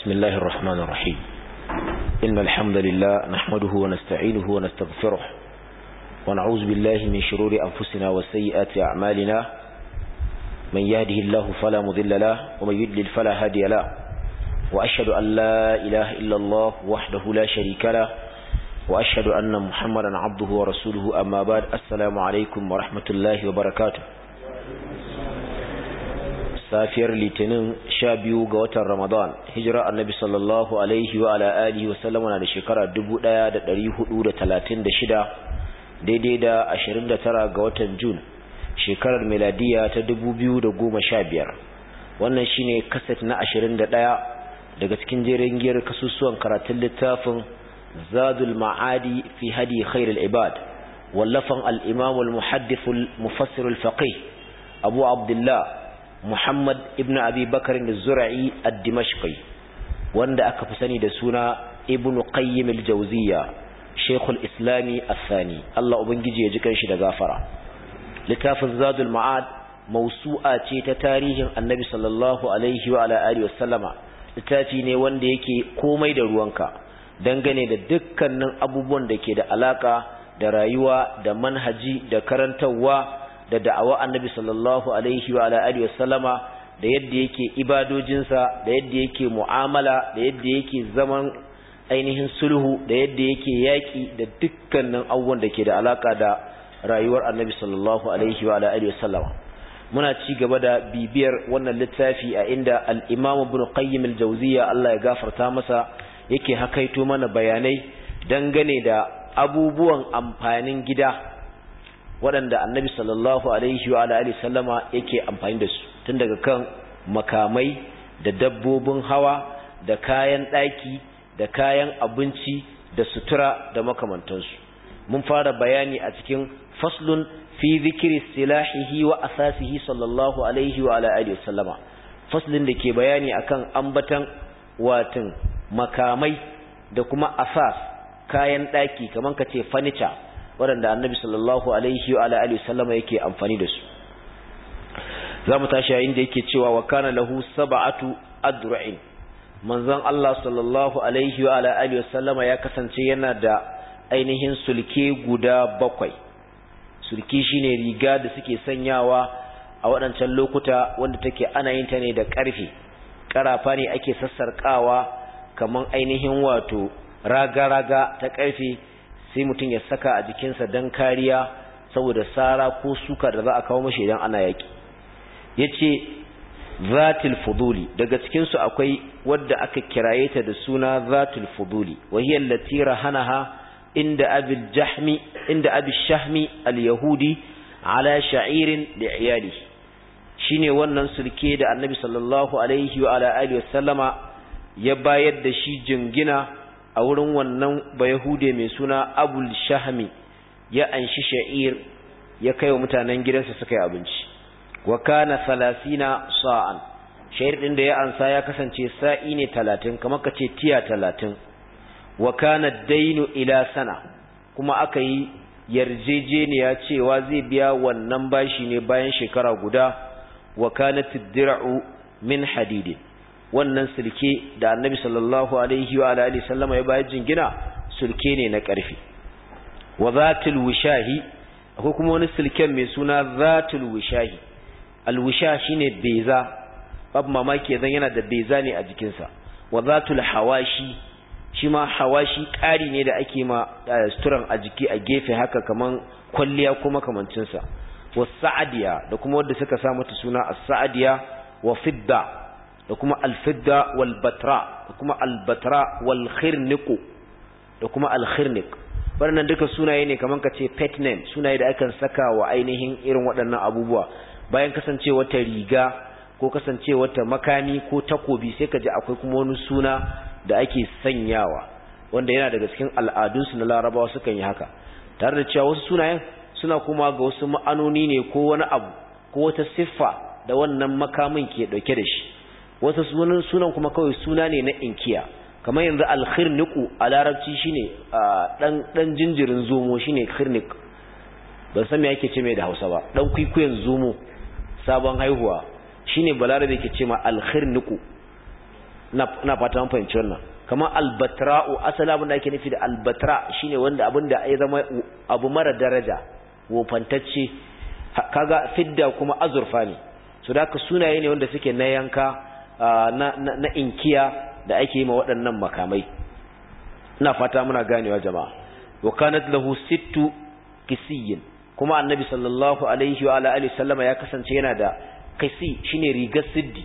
بسم الله الرحمن الرحيم إن الحمد لله نحمده ونستعينه ونستغفره ونعوذ بالله من شرور أنفسنا وسيئات أعمالنا من يهده الله فلا مذل له ومن يدلل فلا هادي له وأشهد أن لا إله إلا الله وحده لا شريك له وأشهد أن محمدا عبده ورسوله أما بعد السلام عليكم ورحمة الله وبركاته safiyar litinin sha biyu ga watan ramadan hijira annabi sallallahu alaihi wa ala alihi wa sallama na da shekara dubu daya da dari hudu da talatin da shida daidai da ashirin da tara ga watan jun shekarar meladiya ta dubu biyu da goma sha biyar wannan shine kaset na ashirin da daya daga cikin jerin giyar kasusuwan karatun littafin zadul ma'adi fi hadi khairul ibad wallafan al imamul al mufassirul faqih abu abdullah Muhammad ibn Abi Bakar al-Zura'i ad-Dimashqi wanda aka fi sani da suna Ibn Qayyim al-Jawziyya Sheikhul Islami al-Thani Allah ubangiji ya ji kanshi da gafara littafin Zadul Ma'ad mausu'a ce ta tarihin Annabi sallallahu alaihi wa ala alihi wasallama littafi ne wanda yake komai da ruwanka dangane da dukkanin abubuwan da ke da alaka da rayuwa da manhaji da karantarwa da da'awar annabi sallallahu alaihi wa alihi wasallama da yadda yake ibadojinsa da yadda yake mu'amala da yadda yake zaman ainihin sulhu da yadda yake yaƙi da dukkanin abubuwan da ke da alaka da rayuwar annabi sallallahu alaihi wa alihi wasallama muna ci gaba da bibiyar wannan littafi a inda al-Imam Ibn Qayyim al-Jawziyya Allah ya gafarta masa yake hakaito mana bayanai dangane da abubuwan amfanin gida waɗanda annabi sallallahu alaihi wa alihi sallama yake amfani da su tun daga kan makamai da dabbobin hawa da kayan ɗaki da kayan abinci da sutura da makamantansu mun fara bayani a cikin faslun fi zikiri silahihi wa asasihi sallallahu alaihi wa alihi sallama faslin da ke bayani akan ambatan watin makamai da kuma asas kayan ɗaki kamar ka ce furniture waɗanda annabi sallallahu alaihi wa alihi sallama yake amfani da su za mu tashi yayin da yake cewa wa kana lahu sab'atu adru'in manzon Allah sallallahu alaihi wa alihi sallama ya kasance yana da ainihin sulke guda bakwai sulki shine riga da suke sanyawa a waɗancan lokuta wanda take ana yin ta ne da ƙarfi ƙarafa ne ake sassarƙawa kamar ainihin wato raga-raga ta ƙarfi. sai mutum ya saka a jikinsa don kariya saboda sara ko suka da za a kawo mashi idan ana yaƙi ya ce zatil fuduli daga cikinsu akwai wadda aka kiraye ta da suna zatil fuduli wahiyar latira hana ha inda abin shahmi al-yahudi ala sha'irin da iyali shi ne wannan sulke da annabi sallallahu alaihi wa ala'ali wasallama ya bayar da shi jingina a wurin wannan bayahude mai suna abul shahmi ya anshi sha'ir ya kai wa mutanen gidansa suka yi abinci wa kana salasina sa'an sha'ir din da ya ansa ya kasance sa'i ne talatin kamar ka ce tiya talatin wa kana dainu ila sana kuma aka yi yarjejeniya cewa zai biya wannan bashi ne bayan shekara guda wa kana tiddira'u min hadidin wannan sulke da annabi sallallahu alaihi wa alihi sallama ya bayar jingina sulke ne na karfi wa zatul akwai kuma wani sulken mai suna zatul wishahi alwisha shine beza babu mamaki zan yana da beza ne a jikinsa wa zatul hawashi shi ma hawashi ƙari ne da ake ma suturan a jiki a gefe haka kaman kwalliya kuma kamancinsa wa sa'adiya da kuma wanda suka sa mata suna as-sa'adiya wa fidda da kuma alfidda wal batra da kuma albatra wal da kuma al waɗannan duka sunaye ne kamar ka ce pet name sunaye da akan saka wa ainihin irin waɗannan abubuwa bayan kasance wata riga ko kasance wata makami ko takobi sai ka ji akwai kuma wani suna da ake sanyawa wanda yana daga cikin al'adun su na larabawa sukan yi haka tare da cewa wasu sunayen suna kuma ga wasu ma'anoni ne ko wani abu ko wata siffa da wannan makamin ke dauke da shi wasu sunan sunan kuma kawai suna ne na inkiya kamar yanzu alkhirniku a larabci shine dan dan jinjirin zomo shine khirnik ban san me yake ce mai da Hausa ba dan kwikwiyen zomo sabon haihuwa shine balarabe yake ce ma alkhirniku na fata an fahimci wannan kamar albatra'u asala abin da ake nufi da albatra shine wanda abin da ya zama abu mara daraja wofantacce kaga fidda kuma azurfa ne so da ka sunaye ne wanda suke na yanka na inkiya da ake yi ma waɗannan makamai ina fata muna ganewa jama'a wa kanat lahu sittu kisiyin kuma annabi sallallahu alaihi wa alihi sallama ya kasance yana da kisi shine rigar siddi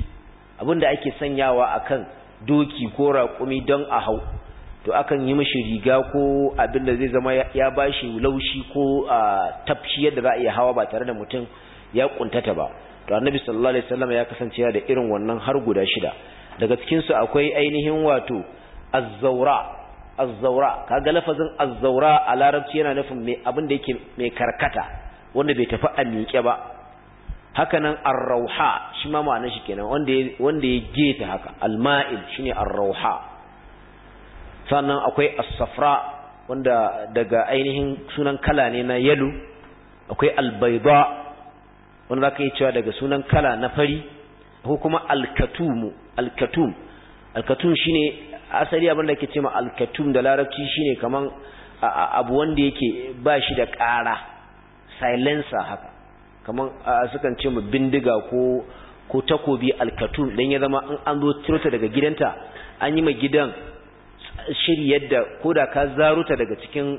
abinda ake sanyawa akan doki ko raƙumi don a hau to akan yi mishi riga ko abin da zai zama ya bashi laushi ko tafshi yadda za a iya hawa ba tare da mutum ya kuntata ba to annabi sallallahu alaihi wasallam ya kasance da irin wannan har guda shida daga cikin su akwai ainihin wato az-zawra az-zawra kaga lafazin az-zawra a larabci yana nufin mai abin da yake mai karkata wanda bai tafi a miƙe ba haka nan ar-rauha shi ma ma'anar shi kenan wanda wanda ya geta haka al-ma'il shine ar-rauha sannan akwai as-safra wanda daga ainihin sunan kala ne na yalu akwai al-bayda wani za ka iya cewa daga sunan kala na fari ko kuma alkatumu alkatum alkatum shine asali abin da ke ce ma alkatum da larabci shine kaman abu wanda yake ba shi da ƙara silencer haka kaman sukan ce mu bindiga ko ko takobi alkatum dan ya zama in an zo ciro ta daga gidanta an yi ma gidan shiri yadda ko da ka zaruta daga cikin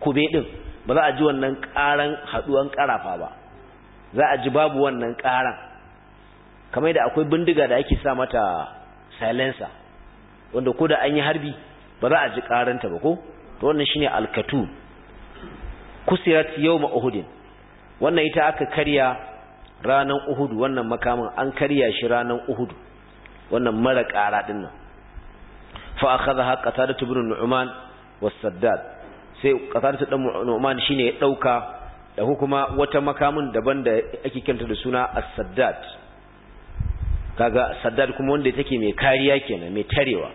kube din ba za a ji wannan ƙaran haɗuwan ƙarafa ba za a ji babu wannan ƙaran kamar da akwai bindiga da ake sa mata silencer wanda ko da an yi harbi ba za a ji ƙaranta ba ko to wannan shine alkatu kusirat yawma uhud wannan ita aka karya ranan uhudu wannan makamin an karya shi ranan uhudu wannan mara ƙara din nan fa akhadha qatada ibn nu'man was saddad sai qatada dan nu'man shine ya dauka da kuma wata makamin daban da ake kiranta da suna a saddad kaga saddad kuma wanda take mai kariya kenan mai tarewa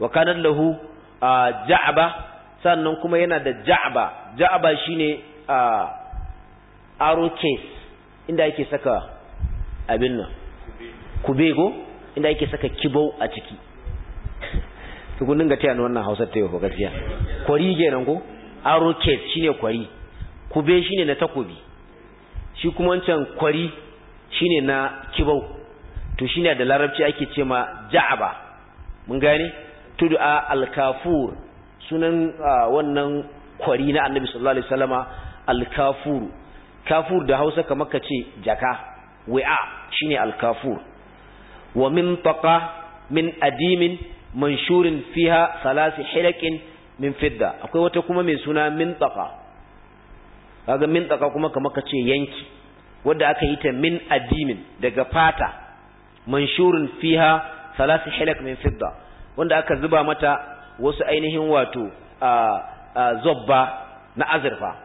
wa kanat lahu ja'ba sannan kuma yana da ja'ba ja'ba shine aro case inda yake saka abin nan kubego inda yake saka kibau a ciki tukunin ga tayar wannan Hausa ta yau gaskiya kwari kenan ko aro case shine kwari kube shi ne na takobi shi kuma wancan kwari ne na kibau to shi ne da larabci ake ce ma ja'aba mun gane tud'a al alkafur sunan wannan kwari na annabi sallallahu alaihi wasallama al-kafur da Hausa kamar ka ce jaka wi'a shine al-kafur wa min taqa min adimin manshurin fiha salasi hilakin min fidda akwai wata kuma mai suna min taqa kaga min tsaka kuma kamar ce yanki wanda aka yi ta min adimin daga fata manshurun fiha salasu halak min fidda wanda aka zuba mata wasu ainihin wato a zobba na azurfa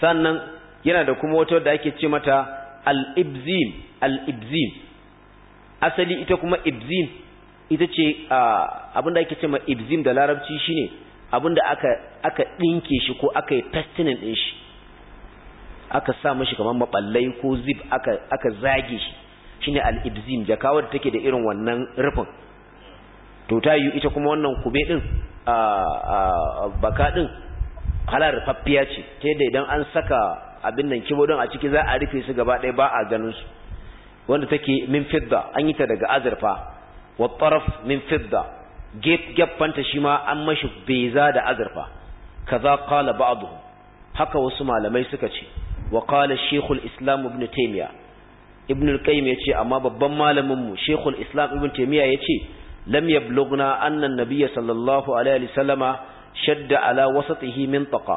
sannan yana da kuma wata da ake ce mata al-ibzin al ibzim asali ita kuma ibzim ita ce abinda ake ce ma ibzim da larabci shine abinda aka aka dinke shi ko aka yi testinin din shi aka sa mishi kamar maballai ko zip aka aka zage shi shine al-ibzim jakawa da take da irin wannan rufin to ta yi ita kuma wannan kube din a baka din halar rufaffiya ce ta yadda idan an saka abin nan kibodin a ciki za a rufe su gaba ɗaya ba a ganin su wanda take min fidda an yi ta daga azurfa wa taraf min fidda gefanta shi ma an mashi beza da azurfa kaza qala ba'dhum haka wasu malamai suka ce wa qala shaykhul islam ibn taymiya ibn al-qayyim yace amma babban malamin mu shaykhul islam ibn taymiya yace lam yablughna anna an-nabiy sallallahu alaihi wasallama shadda ala wasatihi min taqa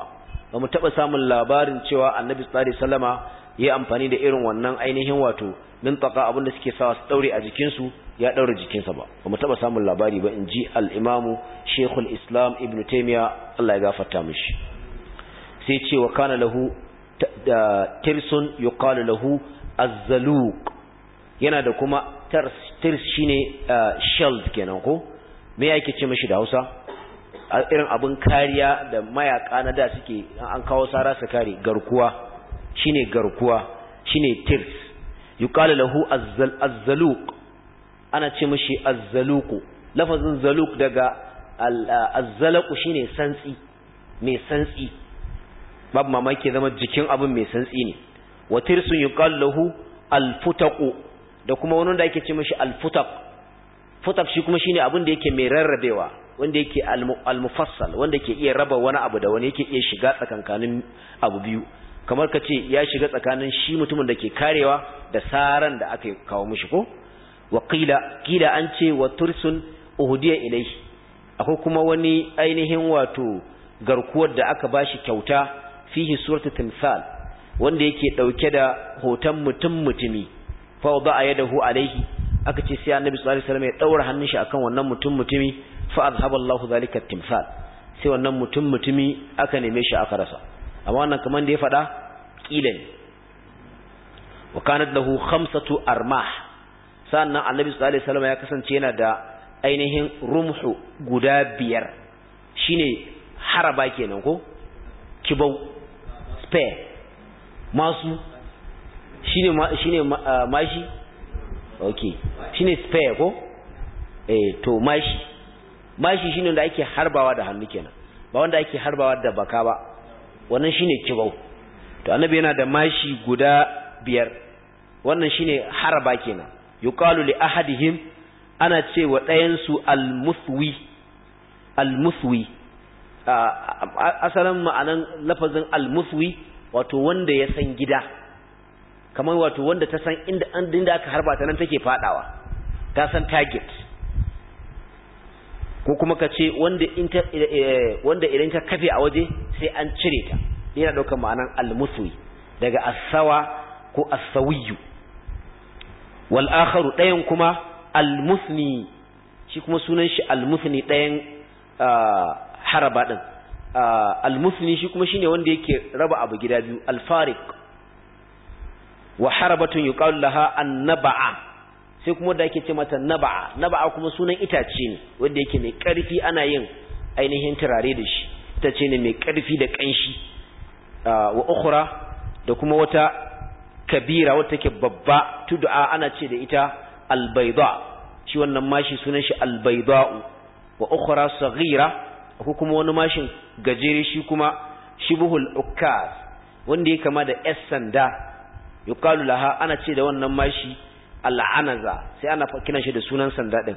ba mu taba samun labarin cewa annabi sallallahu alaihi wasallama yayi amfani da irin wannan ainihin wato min taqa abinda suke sawa su daure a jikinsu? ya ɗaura jikinsa ba ba mu taɓa samun labari ba in ji al'imamu shaykhul islam ibnu taymiya allah ya gafarta mishi sai ce wa kana lahu tirsun ya lahu az-zaluq yana da kuma tirs shi ne kenan ko me yake ce mashi da hausa irin abin kariya da mayaka na da suke an kawo sara su kare garkuwa shine garkuwa shine tirs yuqalu lahu azzaluk ana ce mishi azzaluku lafazin zaluk daga azzalaku shine santsi mai santsi babu mamaki zama jikin abin mai santsi ne wa tirsu yuqallahu lahu alfutaqu da kuma wani da yake ce mishi alfutaq futaq shi kuma shine abin da yake mai rarrabewa wanda yake almufassal wanda ke iya raba wani abu da wani yake iya shiga tsakankanin abu biyu kamar ka ce ya shiga tsakanin shi mutumin da ke karewa da saran da aka kawo mishi ko wa qila qila an ce wa tursun uhudiya ilai akwai kuma wani ainihin wato garkuwar da aka bashi kyauta fihi suratul timsal wanda yake dauke da hoton mutum mutumi fa wada yadahu alaihi aka ce sai annabi sallallahu alaihi wasallam ya daura hannun shi akan wannan mutum mutumi fa azhaba Allahu zalika timsal sai wannan mutum mutumi aka neme shi aka rasa amma wannan kaman da ya fada kila ne wa kanat lahu khamsatu armah sannan annabi sallallahu alaihi wasallam ya kasance yana da ainihin rumhu guda biyar shine haraba kenan ko kibau spare masu shine shine ah, mashi okay shine spare ko eh to mashi mashi shine da ake harbawa da hannu kenan ba wanda ake harbawa da baka ba wannan shine kibau to annabi yana da mashi guda biyar wannan shine haraba kenan yuqalu li ahadihim ana cewa ɗayan su al muthwi al muthwi asalin ma'anan lafazin al muthwi wato wanda ya san gida kamar wato wanda ta san inda an dinda aka harba ta nan take fadawa ta san target ko kuma ka ce wanda in ta eh, eh, wanda idan ka kafe a waje sai an cire ta yana daukar ma'anan al muthwi daga as-sawa ko as-sawiyyu wal ɗayan kuma al-musni shi kuma sunan shi al-musni ɗayan haraba ɗin al-musni shi kuma shine wanda yake raba abu gida biyu al farik wa harabatun yuqalu laha an-naba'a sai kuma da ake ce mata naba'a naba'a kuma sunan itace ne wanda yake mai ƙarfi ana yin ainihin turare da shi itace ne mai ƙarfi da ƙanshi wa ukhra da kuma wata kabira wata ke babba tudu'a ana ce da ita albayda shi wannan mashi sunan shi albayda'u wa ukhra saghira ko kuma wani mashin gajere shi kuma shibhul ukaz wanda yake kama da S sanda yuqalu laha ana ce da wannan mashi al'anaza sai ana kiran shi da sunan sanda din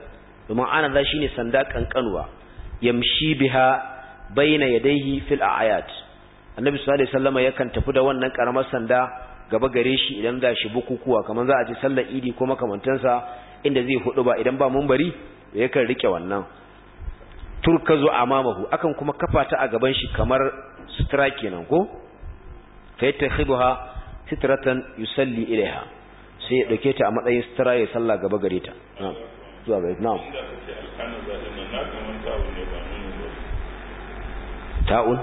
domin anaza shine sanda kankanuwa yamshi biha baina yadayhi fil ayat annabi sallallahu alaihi wasallam yakan tafi da wannan karamar sanda gaba gare shi idan ga shi bukukuwa kamar za a ji sallar idi ko makamantansa inda zai hudu ba idan ba mun bari ya kan rike wannan turkazu amamahu akan kuma kafa ta a gaban shi kamar sutura kenan ko fa yattakhidha sitratan yusalli ilaiha sai ya ɗauke ta a matsayin sutura ya salla gaba gare ta zuwa ga na'am ta'un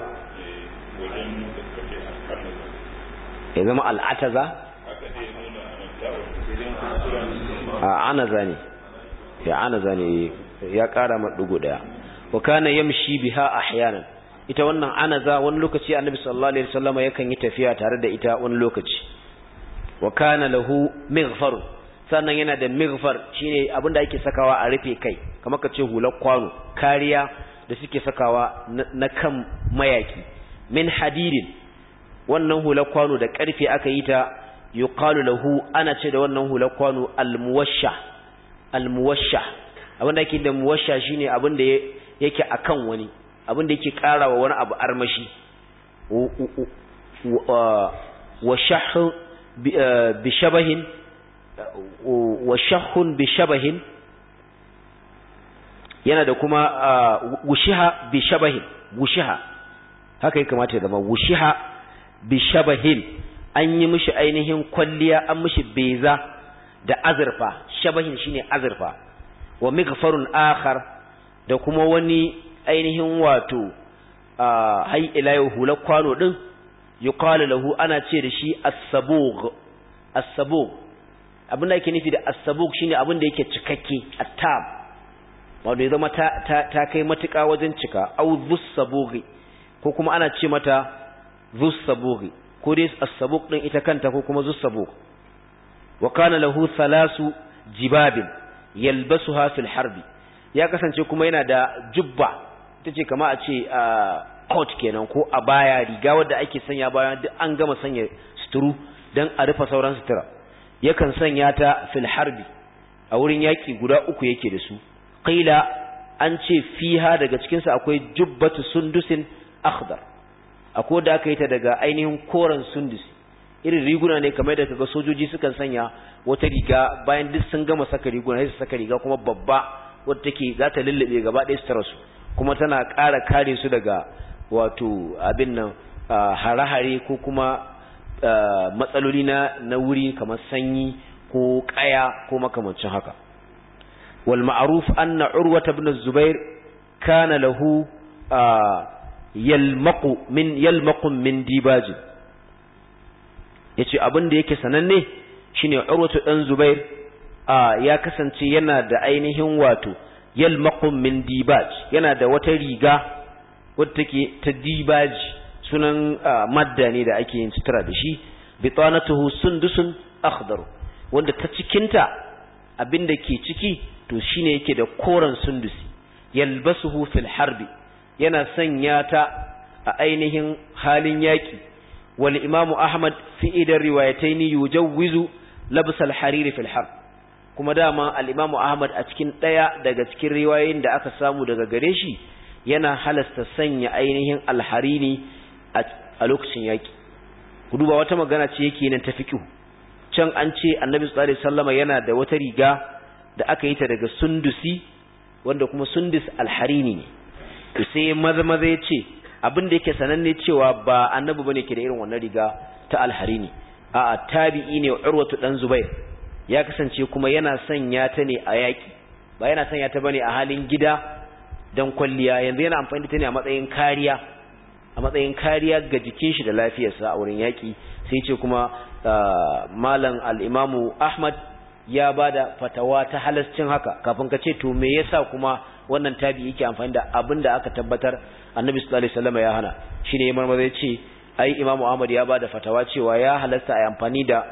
ya zama al'ataza a anaza ne ya anaza ne ya kara maɗugu ɗaya wa kana yamshi biha ahyanan ita wannan anaza wani lokaci annabi sallallahu alaihi wasallam yakan yi tafiya tare da ita wani lokaci wa kana lahu mighfar sannan yana da mighfar shine abinda ake sakawa a rufe kai kamar ka ce hular kwano kariya da suke sakawa na kan mayaki min hadirin wannan hular kwano da karfe aka yi ta yi kwano lahu ana ce da wannan hular kwano almuwasha almuwashsha abin da yake da muwasha shi ne abinda yake a kan wani abinda yake ƙara wa wani abu armashi وشح بشبه وشح بشبه yana da kuma eh, wushiha bi shabahin wushiha haka yi kamata ya zama wushiha bishabahin an yi mishi ainihin kwalliya an mishi beza da azurfa shabahin shine azurfa wa migfarun akhar da kuma wani ainihin wato hay ila hular kwano din yuqalu lahu ana ce da shi as-sabugh as-sabugh abin da yake nufi da as-sabugh shine abin da yake cikakke at-tab wato ya zama ta, kai matuka wajen cika au dhus ko kuma ana ce mata zussabughi ko dai as-sabuq din ita kanta ko kuma zussabuq wa kana lahu thalasu jibabin yalbasuha fil harbi ya kasance kuma yana da jubba tace kama a ce a coat kenan ko a baya riga wadda ake sanya bayan duk an gama sanya suturu dan a rufe sauran sutura yakan sanya ta fil harbi a wurin yaki guda uku yake da su qila an ce fiha daga cikin sa akwai jubbatu sundusin akhdar ko da aka yi ta daga ainihin koren sundus irin riguna ne kamar da ga sojoji sukan sanya wata riga bayan duk sun gama saka riguna sai su saka riga kuma babba wadda take za ta lullube gaba ɗaya su rasu kuma tana ƙara kare su daga wato abin nan hare-hare ko kuma matsaloli na wuri kamar sanyi ko ƙaya ko makamancin haka wal ma'ruf anna urwata ibn zubair kana lahu yalmaqu min min dibajin yace abin da yake sananne shine urwatu dan zubair ya kasance yana da ainihin wato yalmaqu min dibaj yana da wata riga wadda take ta dibaj sunan madda ne da ake yin sutura da shi bitanatuhu sundusun akhdaru wanda ta cikinta abin da ke ciki to shine yake da koren sundusi yalbasuhu fil harbi yana sanya ta a ainihin halin yaƙi wal imamu ahmad fi idan riwayataini yujawwizu labsal al harir fil harb kuma dama al imamu ahmad a cikin ɗaya daga cikin riwayoyin da aka samu daga gare shi yana halasta sanya ainihin al harini a lokacin yaƙi ku duba wata magana ce yake nan ta fiqh can an ce annabi sallallahu alaihi yana da wata riga da aka yi ta daga sundusi wanda kuma sundus al harini ne to sai maza maza ya ce abin da yake sananne cewa ba annabi bane ke da irin wannan riga ta alhari alharini a'a tabi'i ne urwatu dan zubair ya kasance kuma yana sanya ta ne a yaki ba yana sanya ta bane a halin gida dan kwalliya yanzu yana amfani da ta ne a matsayin kariya a matsayin kariya ga jikin shi da lafiyarsa a wurin yaki sai ce kuma ah, malam al-imamu ahmad ya bada fatawa ta halascin haka kafin ka ce to me yasa kuma wannan tabi yake amfani da abin da aka tabbatar annabi sallallahu alaihi wasallam ya hana shine imam maza ya ce ai imamu ahmad ya bada fatawa cewa ya halasta a amfani da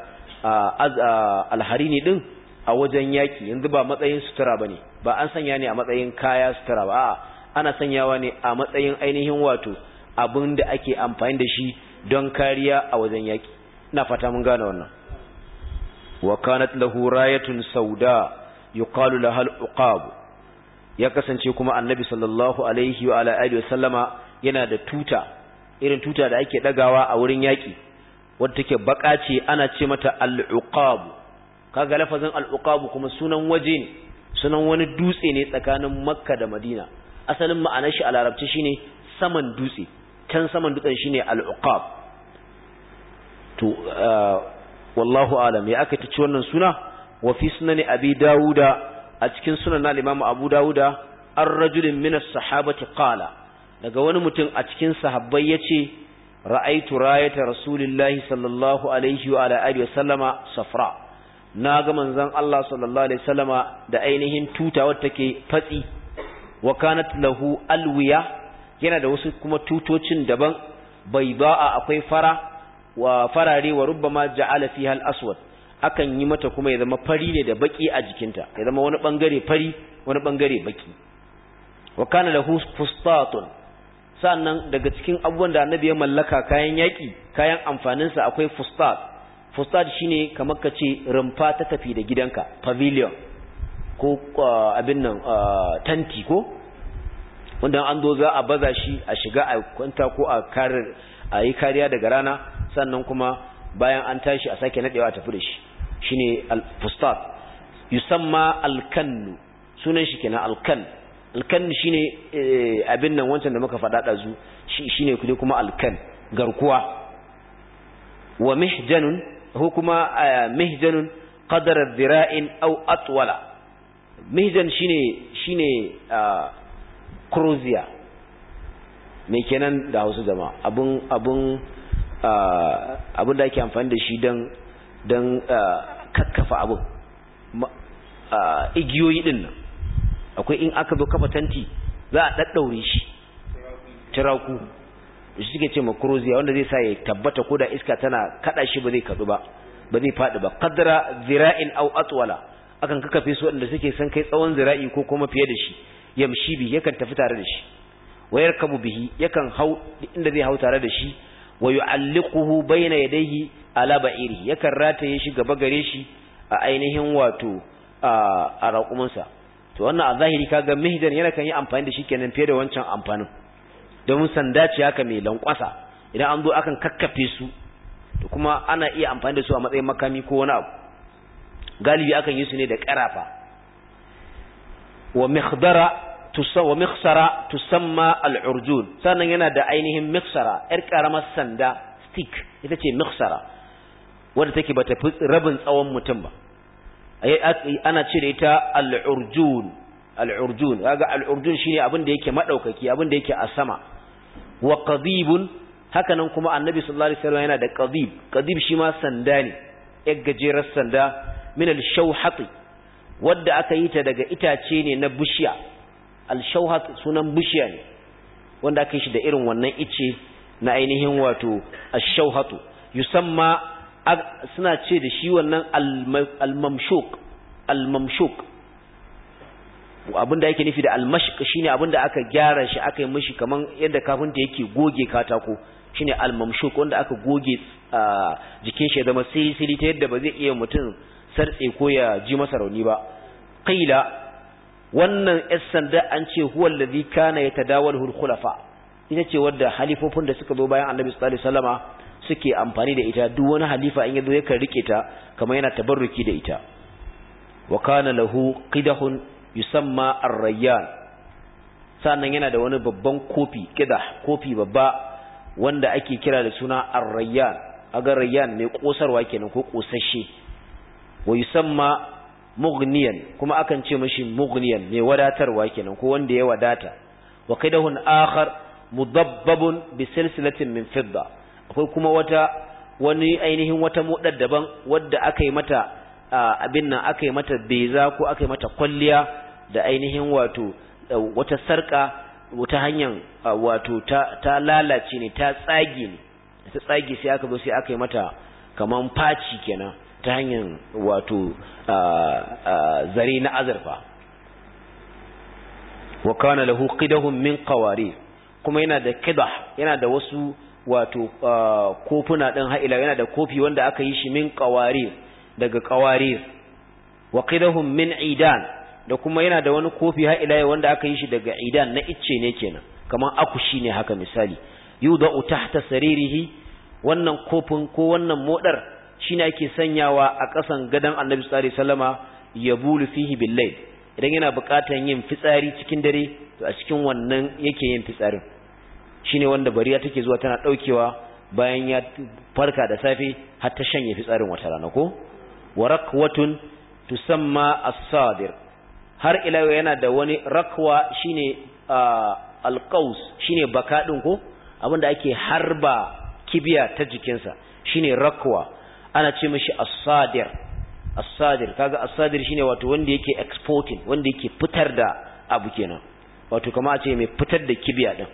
alharini din a wajen yaki yanzu ba matsayin sutura bane ba an sanya ne a matsayin kaya sutura ba a'a ana sanyawa ne a matsayin ainihin wato abin da ake amfani da shi don kariya a wajen yaki ina fata mun gane wannan wa kanat lahu rayatun sauda yuqalu lahal uqab ya kasance kuma annabi sallallahu alaihi wa ala alihi wasallama yana da tuta irin tuta da ake dagawa a wurin yaki wanda take baka ce ana ce mata al-uqab kaga lafazin al-uqab kuma sunan waje ne sunan wani dutse ne tsakanin makka da madina asalin ma'anar shi a larabci shine saman dutse can saman dutsen shine al-uqab to uh, wallahu alam ya aka tace wannan suna wa fi sunani abi dawuda a cikin sunan na limamu abu dawuda an rajulin minas sahabati qala daga wani mutum a cikin sahabbai ya ce ra'aitu rayata rasulillahi sallallahu alaihi wa wa wasallama safra na ga manzon Allah sallallahu alaihi wasallama da ainihin tuta wadda take fatsi wa kanat lahu alwiya yana da wasu kuma tutocin daban bai ba'a akwai fara wa farare wa rubbama ja'ala fiha al-aswad akan yi mata kuma ya zama fari ne da baki a jikinta ya zama wani bangare fari wani bangare baki wa kana lahu fustatun sannan daga cikin abubuwan da annabi ya mallaka kayan yaki kayan amfanin sa akwai fustat fustat shine kamar kace rumfa ta tafi da gidanka pavilion ko ah, abin nan ah, tanti ko wanda an zo za a baza shi a shiga a kwanta ko a a yi kariya daga rana sannan kuma bayan an tashi a sake nadewa tafi da shi shine al-fustat yusamma al-kannu sunan shi kenan al-kann al-kann shine eh, abin nan wancan da muka faɗa dazu shine kuje kuma al-kann garkuwa wa mihjanun hu kuma eh, mihjanun qadara dhira'in aw atwala mihjan shine shine eh, cruzia me kenan da Hausa jama'a abun abun abun da ake amfani da shi dan don ah, kakkafa abin ah, igiyoyi din nan akwai in aka zo kafa tanti za a ɗaɗɗaure shi tiraku shi suke ce makuroziya wanda zai sa ya tabbata ko da iska tana kaɗa shi ba zai kaɗu ba ba zai faɗi ba Kaddara zira'in au atwala akan kakafe su waɗanda suke san kai tsawon zira'i ko kuma fiye da shi yamshi bi yakan tafi tare da shi wayar kabu bihi yakan hau inda zai hau tare da shi wa yu'alliquhu bayna yadayhi ala ba'iri yakan rataye shi gaba gare shi a ainihin wato a sa to wannan a zahiri kaga mihdan yana kan yi amfani da shi kenan fiye da wancan amfanin domin sanda ci haka mai lankwasa idan an zo akan kakkafe su to kuma ana iya amfani da su a matsayin makami ko wani abu galibi akan yi su ne da ƙarafa wa mihdara wa miksara tusamma al'urjun sannan yana da ainihin miksara ‘yar ƙaramar sanda stick ita ce miksara wadda take ba tafi rabin tsawon mutum ba ana ce da ita al'urjun al'urjun kaga al'urjun shine abin da yake madaukaki abinda yake a sama wa qadibun hakanan kuma annabi sallallahu yana da qadib qadib shi ma sanda ne yar gajerar sanda min al wadda aka yi ta daga itace ne na bishiya alshauhat sunan bishiya ne wanda aka yi shi da irin wannan ice na ainihin wato ashauhatu yusamma suna ce da shi wannan almamshuk almamshuk abinda yake nufi da almashq shine abinda aka gyara shi aka yi mishi kamar yadda kafinta yake goge katako shine almamshuk wanda aka goge jikin shi ya zama sai ta yadda ba zai iya mutum sartse ko ya ji masa rauni ba qila wannan yan sanda an ce huwal ta kana yatadawalu al-khulafa ita ce wadda halifofin da suka zo bayan annabi sallallahu alaihi wasallama suke amfani da ita duk wani halifa in yazo yakan rike ta kamar yana tabarruki da ita wa kana lahu qidahun yusamma ar-rayyan sannan yana da wani babban kofi kida kofi babba wanda ake kira da suna ar-rayyan aga rayyan mai kosarwa kenan ko kosashe wa yusamma Mugniyan kuma akan ce mashi mughniyan mai wadatarwa kenan ko wanda ya wadata wa kaidahun akhar mudabbabun bi silsilatin min fidda akwai kuma wata wani ainihin wata mudar daban wadda aka mata abin nan aka mata beza ko aka mata kwalliya da ainihin wato wata sarka wata hanyar wato ta lalace ne ta tsage ne ta tsage sai aka zo sai aka mata kamar faci kenan ta hanyar wato zare na azurfa wa kana lahu qidahum min qawari kuma yana da qidah yana da wasu wato kofuna din ha'ila yana da kofi wanda aka yi shi min qawari daga qawari wa qidahum min idan da kuma yana da wani kofi ha'ila wanda aka yi shi daga idan na icce ne kenan kamar akushi ne haka misali yudau tahta saririhi wannan kofin ko wannan modar shine ake sanyawa a ƙasan gadon annabi tsari salama ya bulu fihi billai idan yana buƙatar yin fitsari cikin dare to a cikin wannan yake yin fitsarin Shi ne wanda bariya take zuwa tana ɗaukewa bayan ya farka da safe har ta shanye fitsarin wata rana ko wa rakwatun tusamma as-sadir har ila yana da wani rakwa shine alqaus shine baka ɗin ko abinda ake harba kibiya ta jikinsa shine rakwa ana ce mashi asadir asadir kaga asadir shine wato wanda yake exporting wanda yake fitar da abu kenan wato kama a ce mai fitar da kibiya din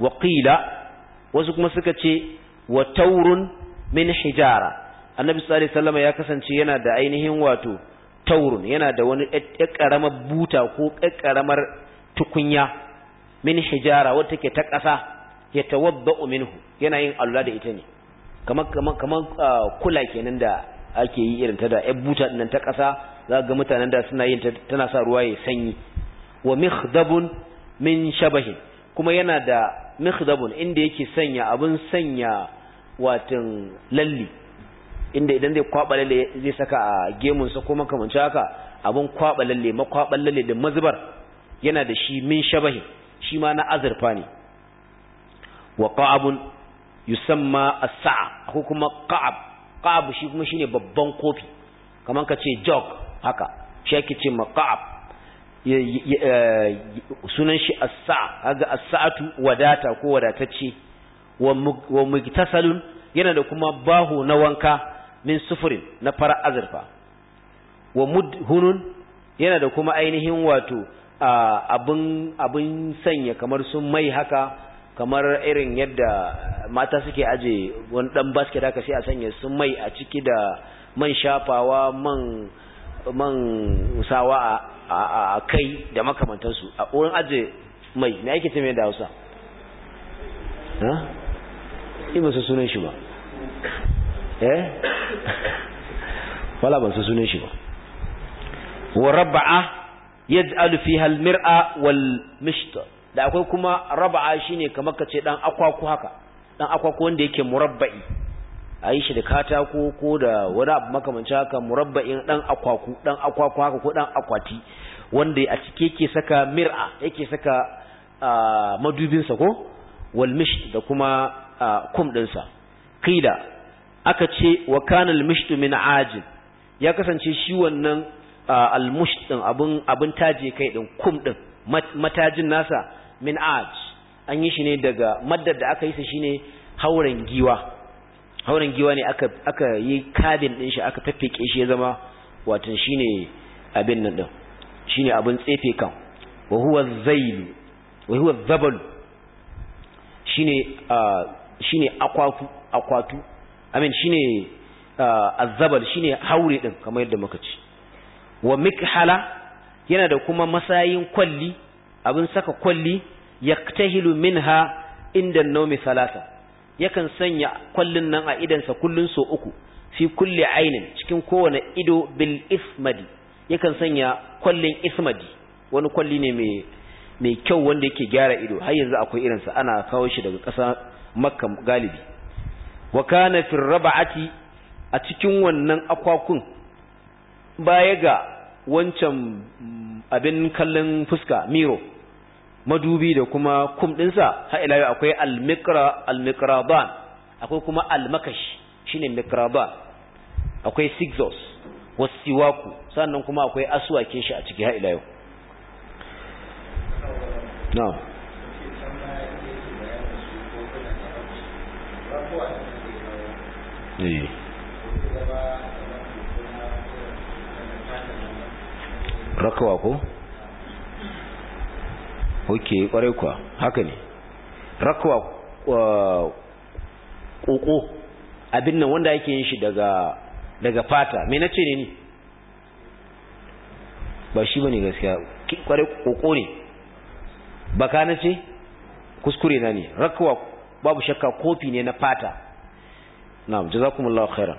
waqila wasu kuma suka ce wa taurun min hijara annabi sallallahu alaihi wasallam ya kasance yana da ainihin wato taurun yana da wani ƙaramar buta ko ƙaramar tukunya min hijara wata ke ta ƙasa ya minhu yana yin allah da ita ne kamar kamar kamar ah, kula kenan da ake yi irin ta da ƴan buta nan ta ƙasa za ga mutanen da suna yin tana sa ruwa ya sanyi wa mikhdabun min shabahin kuma yana da mikhdabun inda yake sanya abun sanya watan lalli inda idan zai kwaba lalle zai saka a gemun sa ko makamanci haka abun kwaba lalle makwaban lalle da mazubar yana da shi min shabahi shi ma na azurfa ne wa qa'abun yusamma as-sa'a ko kuma qab qab shi kuma shine babban kofi kaman ka ce jog haka shi ake ce ma sunan shi as-sa'a kaga as-sa'atu wadata ko wadatacce wa mugtasalun yana da kuma baho na wanka min sufurin na fara azurfa wa mudhunun yana da kuma ainihin wato abin sanya kamar sun mai haka kamar irin yadda mata suke aje wani dan basket haka sai a sanya su mai a ciki da man shafawa man man sawa a kai da makamantansu a wurin aje mai me yake ce da Hausa ha ba su sunan shi ba eh wala ban su sunan shi ba wa Rabba'a yaj'alu fiha al-mir'a wal mishtar da akwai kuma raba'a shine kamar kace dan akwaku haka dan akwaku wanda yake murabba'i a shi da katako ko da wani abu makamancin haka murabba'in dan akwaku dan akwaku haka ko dan akwati wanda a cike yake saka mir'a yake saka madubinsa ko walmish da kuma kum ɗinsa qila aka ce wa kanal mishtu min ajin ya kasance shi wannan almush din abin abin taje kai din kum din matajin nasa min aj an yi shi ne daga maddar da aka yi sa shine hauren giwa hauren giwa ne aka aka yi kadin din shi aka tafike shi ya zama wato shine abin nan din shine abin tsefe kan wa huwa zailu wa huwa zabal shine shine akwatu akwatu amin shine azzabal shine haure din kamar yadda muka ci wa mikhala yana da kuma masayin kwalli abin saka kwalli yaktahilu minha inda naumi salasa yakan sanya kwallin nan a idansa kullun so uku fi kulli ainin cikin kowane ido bil ismadi yakan sanya kwallin ismadi wani kwalli ne mai mai kyau wanda yake gyara ido har yanzu akwai irinsa ana kawo shi daga ƙasa makka galibi wa kana fi rabaati a cikin wannan akwakun baya ga wancan mm, abin kallon fuska miro madubi da kuma kum dinsa har ila yau akwai al-miqra al-miqraban akwai kuma al-makash shine miqraban akwai sigzos wasiwaku sannan kuma akwai aswakin shi a ciki har ila yau na'am eh rakawa ko hoke kwarai kuwa haka ne rakwa koko abin nan wanda yake yin shi daga daga fata me ce ne ni ba shi bane gaskiya kwarai koko ne baka na ce kuskure na ne rakwa babu shakka kofi ne na fata na jazakumullahu khairan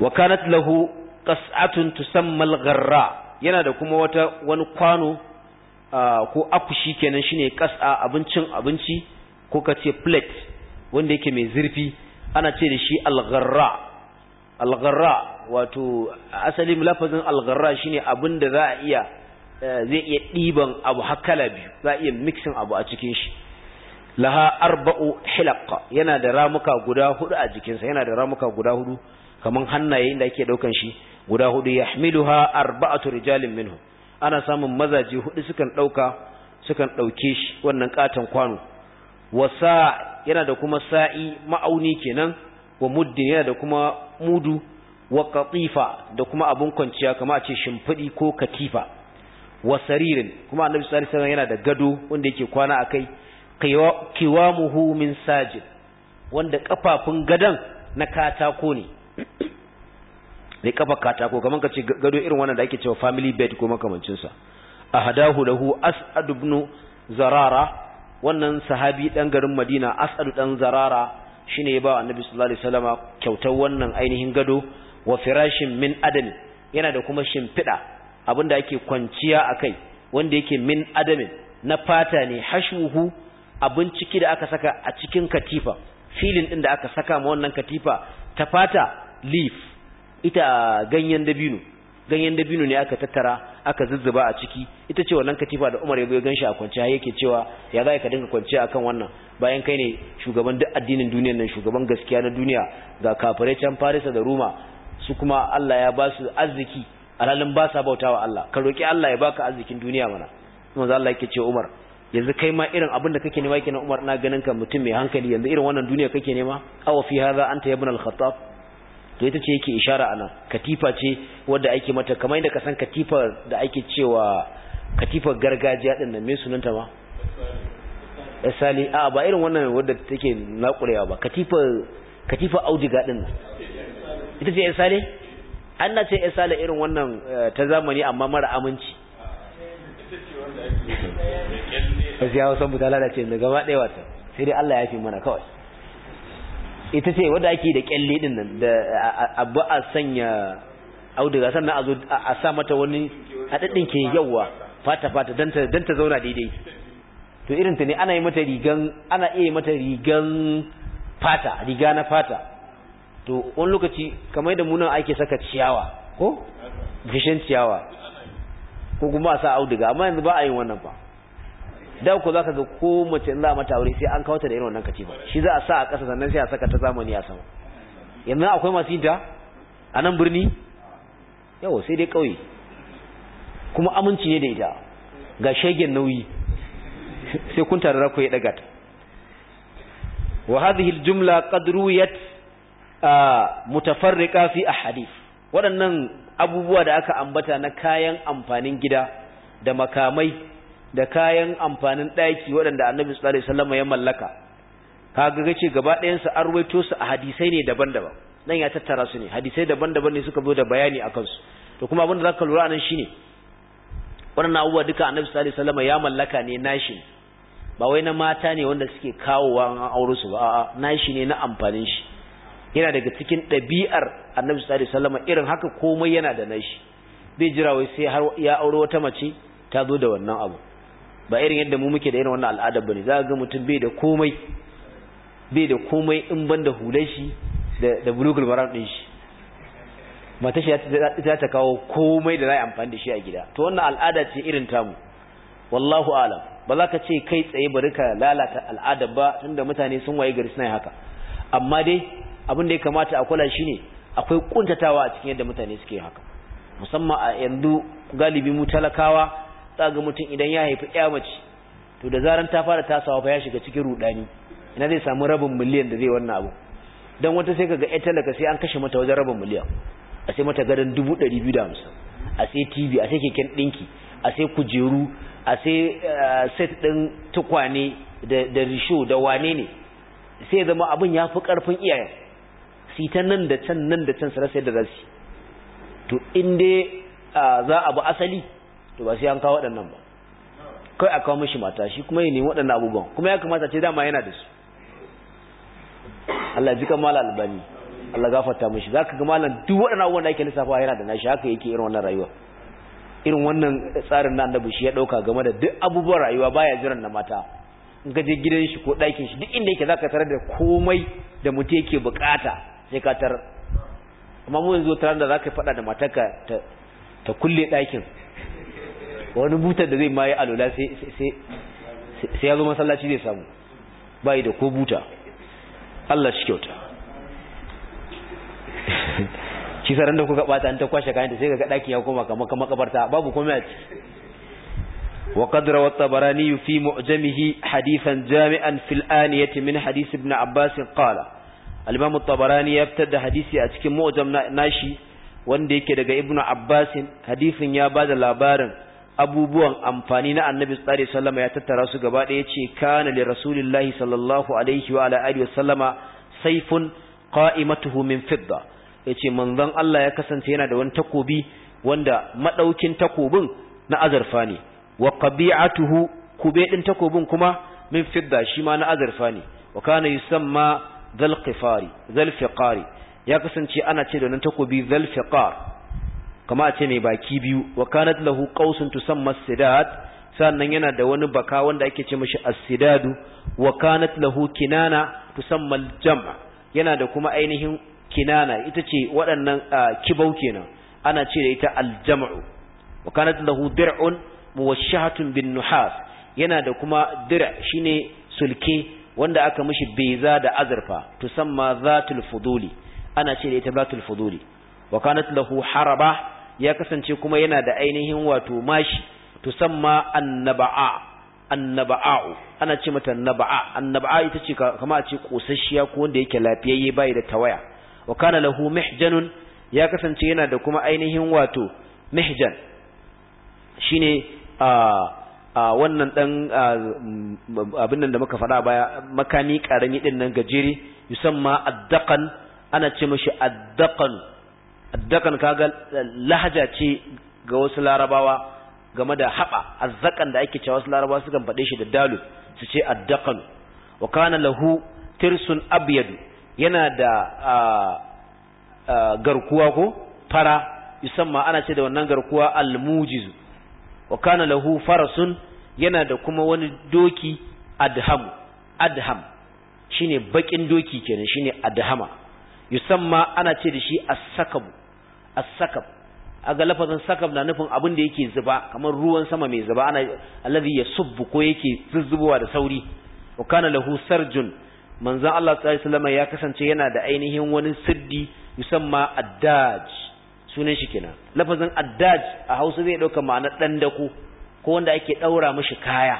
wa kanat lahu qas'atun tusamma al-gharra yana da kuma wata wani kwano ko akushi kenan shine kasa abincin abinci ko ka ce plate wanda yake mai zurfi ana ce da shi algharra algharra wato asalin lafazin algarra shine abin da za a iya e, zai iya ɗiban abu hakala biyu za a iya mixing abu a cikin shi laha arba'u hilaqa yana da ramuka guda hudu a jikinsa yana da ramuka guda hudu kaman hannaye inda ake daukan shi guda hudu yahmiluha arba'atu rijalin minhum ana samun mazaje hudu sukan dauka sukan dauke shi wannan katon kwano wasa yana da kuma sa'i ma'auni kenan wa muddin yana da kuma mudu wa qatifa da kuma abun kwanciya kamar a ce shimfidi ko katifa wa saririn kuma annabi sallallahu alaihi yana da gado wanda yake kwana akai kiwamuhu min sajid wanda kafafun gadan na katako ne ne kafa katako kamar ka ce gado irin wannan da ake cewa family bed ko makamancin sa ahadahu lahu as'ad ibn zarara wannan sahabi dan garin madina as'ad dan zarara shine ya ba annabi sallallahu alaihi wasallama kyautar wannan ainihin gado wa firashin min adam yana da kuma shimfida abinda ake kwanciya akai wanda yake min adamin na fata ne hashuhu abin ciki da aka saka a cikin katifa filin din da aka saka ma wannan katifa ta fata leaf ita ganyen dabino ganyen dabino ne aka tattara aka zuzzuba a ciki ita ce wannan katifa da Umar ya ganshi a kwanciya yake cewa ya za ka dinga kwanciya akan wannan bayan kai ne shugaban duk addinin duniyar nan shugaban gaskiya na duniya ga kafirai can Farisa da Roma su kuma Allah ya ba su arziki alhalin ba sa bautawa Allah ka roki Allah ya baka arzikin duniya mana manzo Allah yake ce Umar yanzu kai ma irin abin da kake nema kenan Umar na ganin ka mutum mai hankali yanzu irin wannan duniya kake nema aw fi hadha anta ibn al-khattab to ita ce yake ishara anan katifa ce wadda ake mata kamar yadda ka san katifa da ake cewa katifar gargajiya din nan me sunanta ma asali a ba irin wannan wadda take nakurewa ba katifar katifar audiga din nan ita ce asali an na ce asali irin wannan eh, ta zamani amma mara aminci ita ce wanda ake ya hausa mutala da ce gaba ɗaya wata sai dai Allah ya fi mana kawai ita ce wadda ake da kyalle din nan da abu a sanya auduga sannan a zo a sa mata wani haɗaɗɗin ke yawa fata fata don ta zauna daidai to irin ta ne ana yi mata rigan ana iya mata rigan fata riga na fata to wani lokaci kamar da munan ake saka ciyawa ko gishin ciyawa ko kuma a sa auduga amma yanzu ba a yin wannan ba da ku zaka ga ko mace za mata aure sai an kawata ta da irin wannan katifa shi za a sa a kasa sannan sai a saka ta zamani a sama yanzu akwai masu yin ta a nan birni yawa sai dai ƙauye kuma aminci ne da ita ga shegen nauyi sai kun tare ku ya daga ta wa hadhihi aljumla qad ruwiyat mutafarriqa fi ahadith waɗannan abubuwa da aka ambata na kayan amfanin gida da makamai da kayan amfanin ɗaki waɗanda annabi sallallahu alaihi ya mallaka kaga gace gaba ɗayan su arwaito su a hadisai ne daban-daban nan ya tattara su ne hadisai daban-daban ne suka zo da bayani akan su to kuma abin da zaka lura nan shine wannan abubuwa duka annabi sallallahu alaihi ya mallaka ne nashi ba wai na mata ne wanda suke kawowa an aure su ba a'a nashi ne na amfanin shi yana daga cikin ɗabi'ar annabi sallallahu alaihi irin haka komai yana da nashi bai jira wai sai har ya aure wata mace ta zo da wannan abu ba irin yadda mu muke da irin wannan al'adar bane za ga mutum bai da komai bai da komai in ban da hular shi da da bulugul maram din shi mata shi ta ta kawo komai da zai amfani da shi a gida to wannan al'ada ce irin tamu wallahu alam ba za ka ce kai tsaye bari ka lalata al'ada ba tunda mutane sun waye gari suna haka amma dai abin da ya kamata a kula shine akwai kuntatawa a cikin yadda mutane suke haka musamman a yanzu galibi mu talakawa za ga mutum idan ya haifi ya mace to da zaran ta fara tasawa fa ya shiga cikin rudani ina zai samu rabin miliyan da zai wannan abu dan wata sai kaga ƴar talaka sai an kashe mata wajen rabin miliyan a sai mata gadon 250 a sai TV a sai keken dinki a sai kujeru a sai eh, set din tukwane da risho da wane ne sai zama abin ya fi karfin iyayen nan da can nan da can sarasa da zasu to in dai eh, za a bi asali to ba sai an kawo waɗannan ba kai a kawo mishi mata shi kuma yi ne waɗannan abubuwan kuma ya kamata ce dama yana da su Allah ji kan mala albani Allah gafarta mishi ka ga malam duk waɗannan abubuwan da yake lissafa yana da nashi haka yake irin wannan rayuwa irin wannan tsarin na annabi shi ya dauka game da duk abubuwan rayuwa baya jiran na mata in ka je gidan shi ko ɗakin shi duk inda yake zaka tarar da komai da mutum yake bukata sai ka tarar amma mu yanzu tarar da zaka faɗa da matarka ta kulle ɗakin wani butar da zai maye yi alola sai ya zo masallaci zai samu bayi da ko buta Allah shi kyauta shi saran da kuka bata an ta kwashe kayan ta sai ga ɗakin ya koma kama kama kabarta babu komai a ciki وقد روى الطبراني في معجمه حديثا جامعا في الآنية من حديث ابن عباس قال الإمام الطبراني يبتد حديثي أتكي معجم ناشي wanda yake daga ibnu abbas hadisin ya bada labarin abubuwan amfani na annabi tsari sallama ya tattara su gaba ɗaya ce kana li rasulillahi sallallahu alaihi wa alihi wasallama saifun qa'imatuhu min fidda yace manzon Allah ya kasance yana da wani takobi wanda madaukin takobin na azurfa ne wa qabi'atuhu kube din takobin kuma min fidda shi ma na azurfa ne wa kana yusamma dhal qifari ya kasance ana ce da wani takobi dhal kama a ce mai baki biyu wa kanat lahu qausun tusamma sidad sannan yana da wani baka wanda ake ce mishi as-sidadu wa kanat lahu kinana tusamma al-jam yana da kuma ainihin kinana ita ce waɗannan kibau kenan ana ce da ita al-jam'u wa kanat lahu dir'un muwashshahatun bin nuhas yana da kuma dir' shine sulke wanda aka mishi beza da azurfa tusamma zatul fuduli ana ce da ita zatul fuduli wa kanat lahu haraba ya kasance kuma yana da ainihin wato mashi tusamma annaba'a annaba'u ana ce mata naba'a annaba'a ita ce kama a ce kosasshiya ko wanda yake lafiyayye bai da tawaya wa kana lahu mihjanun ya kasance yana da kuma ainihin wato mihjan shine a a wannan dan mm, abin nan da muka faɗa baya makami karami din nan gajeri yusamma addaqan ana ce mishi addaqan addakan kaga lahaja ce ga wasu larabawa game da haɓa azzakan da ake cewa wasu larabawa sukan faɗe shi da dalu su ce addakan wa kana lahu tirsun abyadu yana da garkuwa ko fara yusamma ana ce da wannan garkuwa almujizu wa kana lahu farasun yana da kuma wani doki adham adham shine bakin doki kenan shine adhama yusamma ana ce da shi as-sakabu as-sakab aga lafazin sakab na nufin abin da yake zuba kamar ruwan sama mai zuba ana alladhi yasubbu ko yake zuzzubowa da sauri wa kana lahu sarjun manzon Allah sallallahu alaihi ya kasance yana da ainihin wani siddi musamma addaj sunan shi kenan lafazin addaj a Hausa zai dauka ma'anar dan dako ko wanda ake daura mishi kaya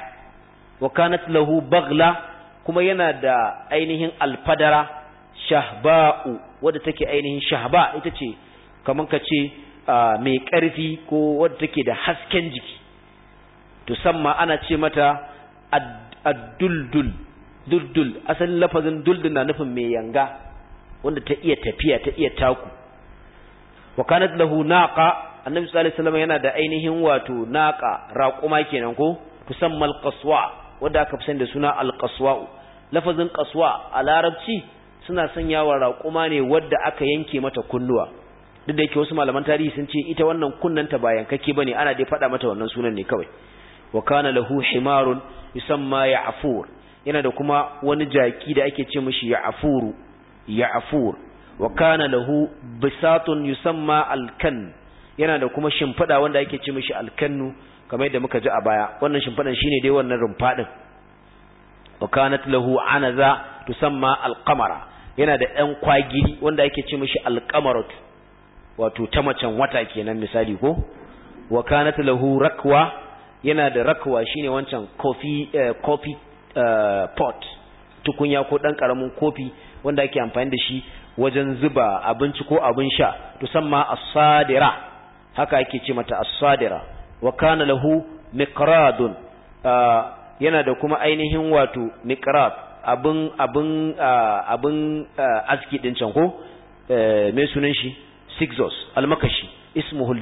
wa kanat lahu bagla kuma yana da ainihin alfadara shahba'u wanda take ainihin shahba ita ce kamar ka ce mai ƙarfi ko wadda take da hasken jiki to samma ana ce mata adduldul duldul asalin lafazin duldul na nufin mai yanga wanda ta iya tafiya ta iya taku wa kanat lahu naqa annabi sallallahu alaihi yana da ainihin wato naqa raquma kenan ko tusamma alqaswa wanda aka fi sani da suna alqaswa lafazin qaswa a larabci suna sanyawa raquma ne wadda aka yanke mata kunnuwa duk da yake wasu malaman tarihi sun ce ita wannan ta ba kake bane ana dai faɗa mata wannan sunan ne kawai wa kana lahu himarun yusamma ya'fur yana da kuma wani jaki da ake ce mishi ya'furu ya'fur wa kana lahu bisatun yusamma alkan yana da kuma shimfada wanda ake ce mishi alkannu kamar yadda muka ji a baya wannan shimfadan shine dai wannan rumfa din wa kanat lahu anaza tusamma alqamara yana da ɗan kwagiri wanda ake ce mishi alqamarat wato ta macen wata kenan misali ko wa kanat lahu rakwa yana da rakwa shine wancan coffee eh, coffee eh, pot tukunya ko dan karamin kofi wanda ake amfani da shi wajen zuba abinci ko abin sha tusamma as-sadira haka ake ce mata as-sadira wa kana lahu miqradun eh, yana da kuma ainihin wato miqrad abin abin abin aski din can ko me sunan shi Sixos almakashi ismuhul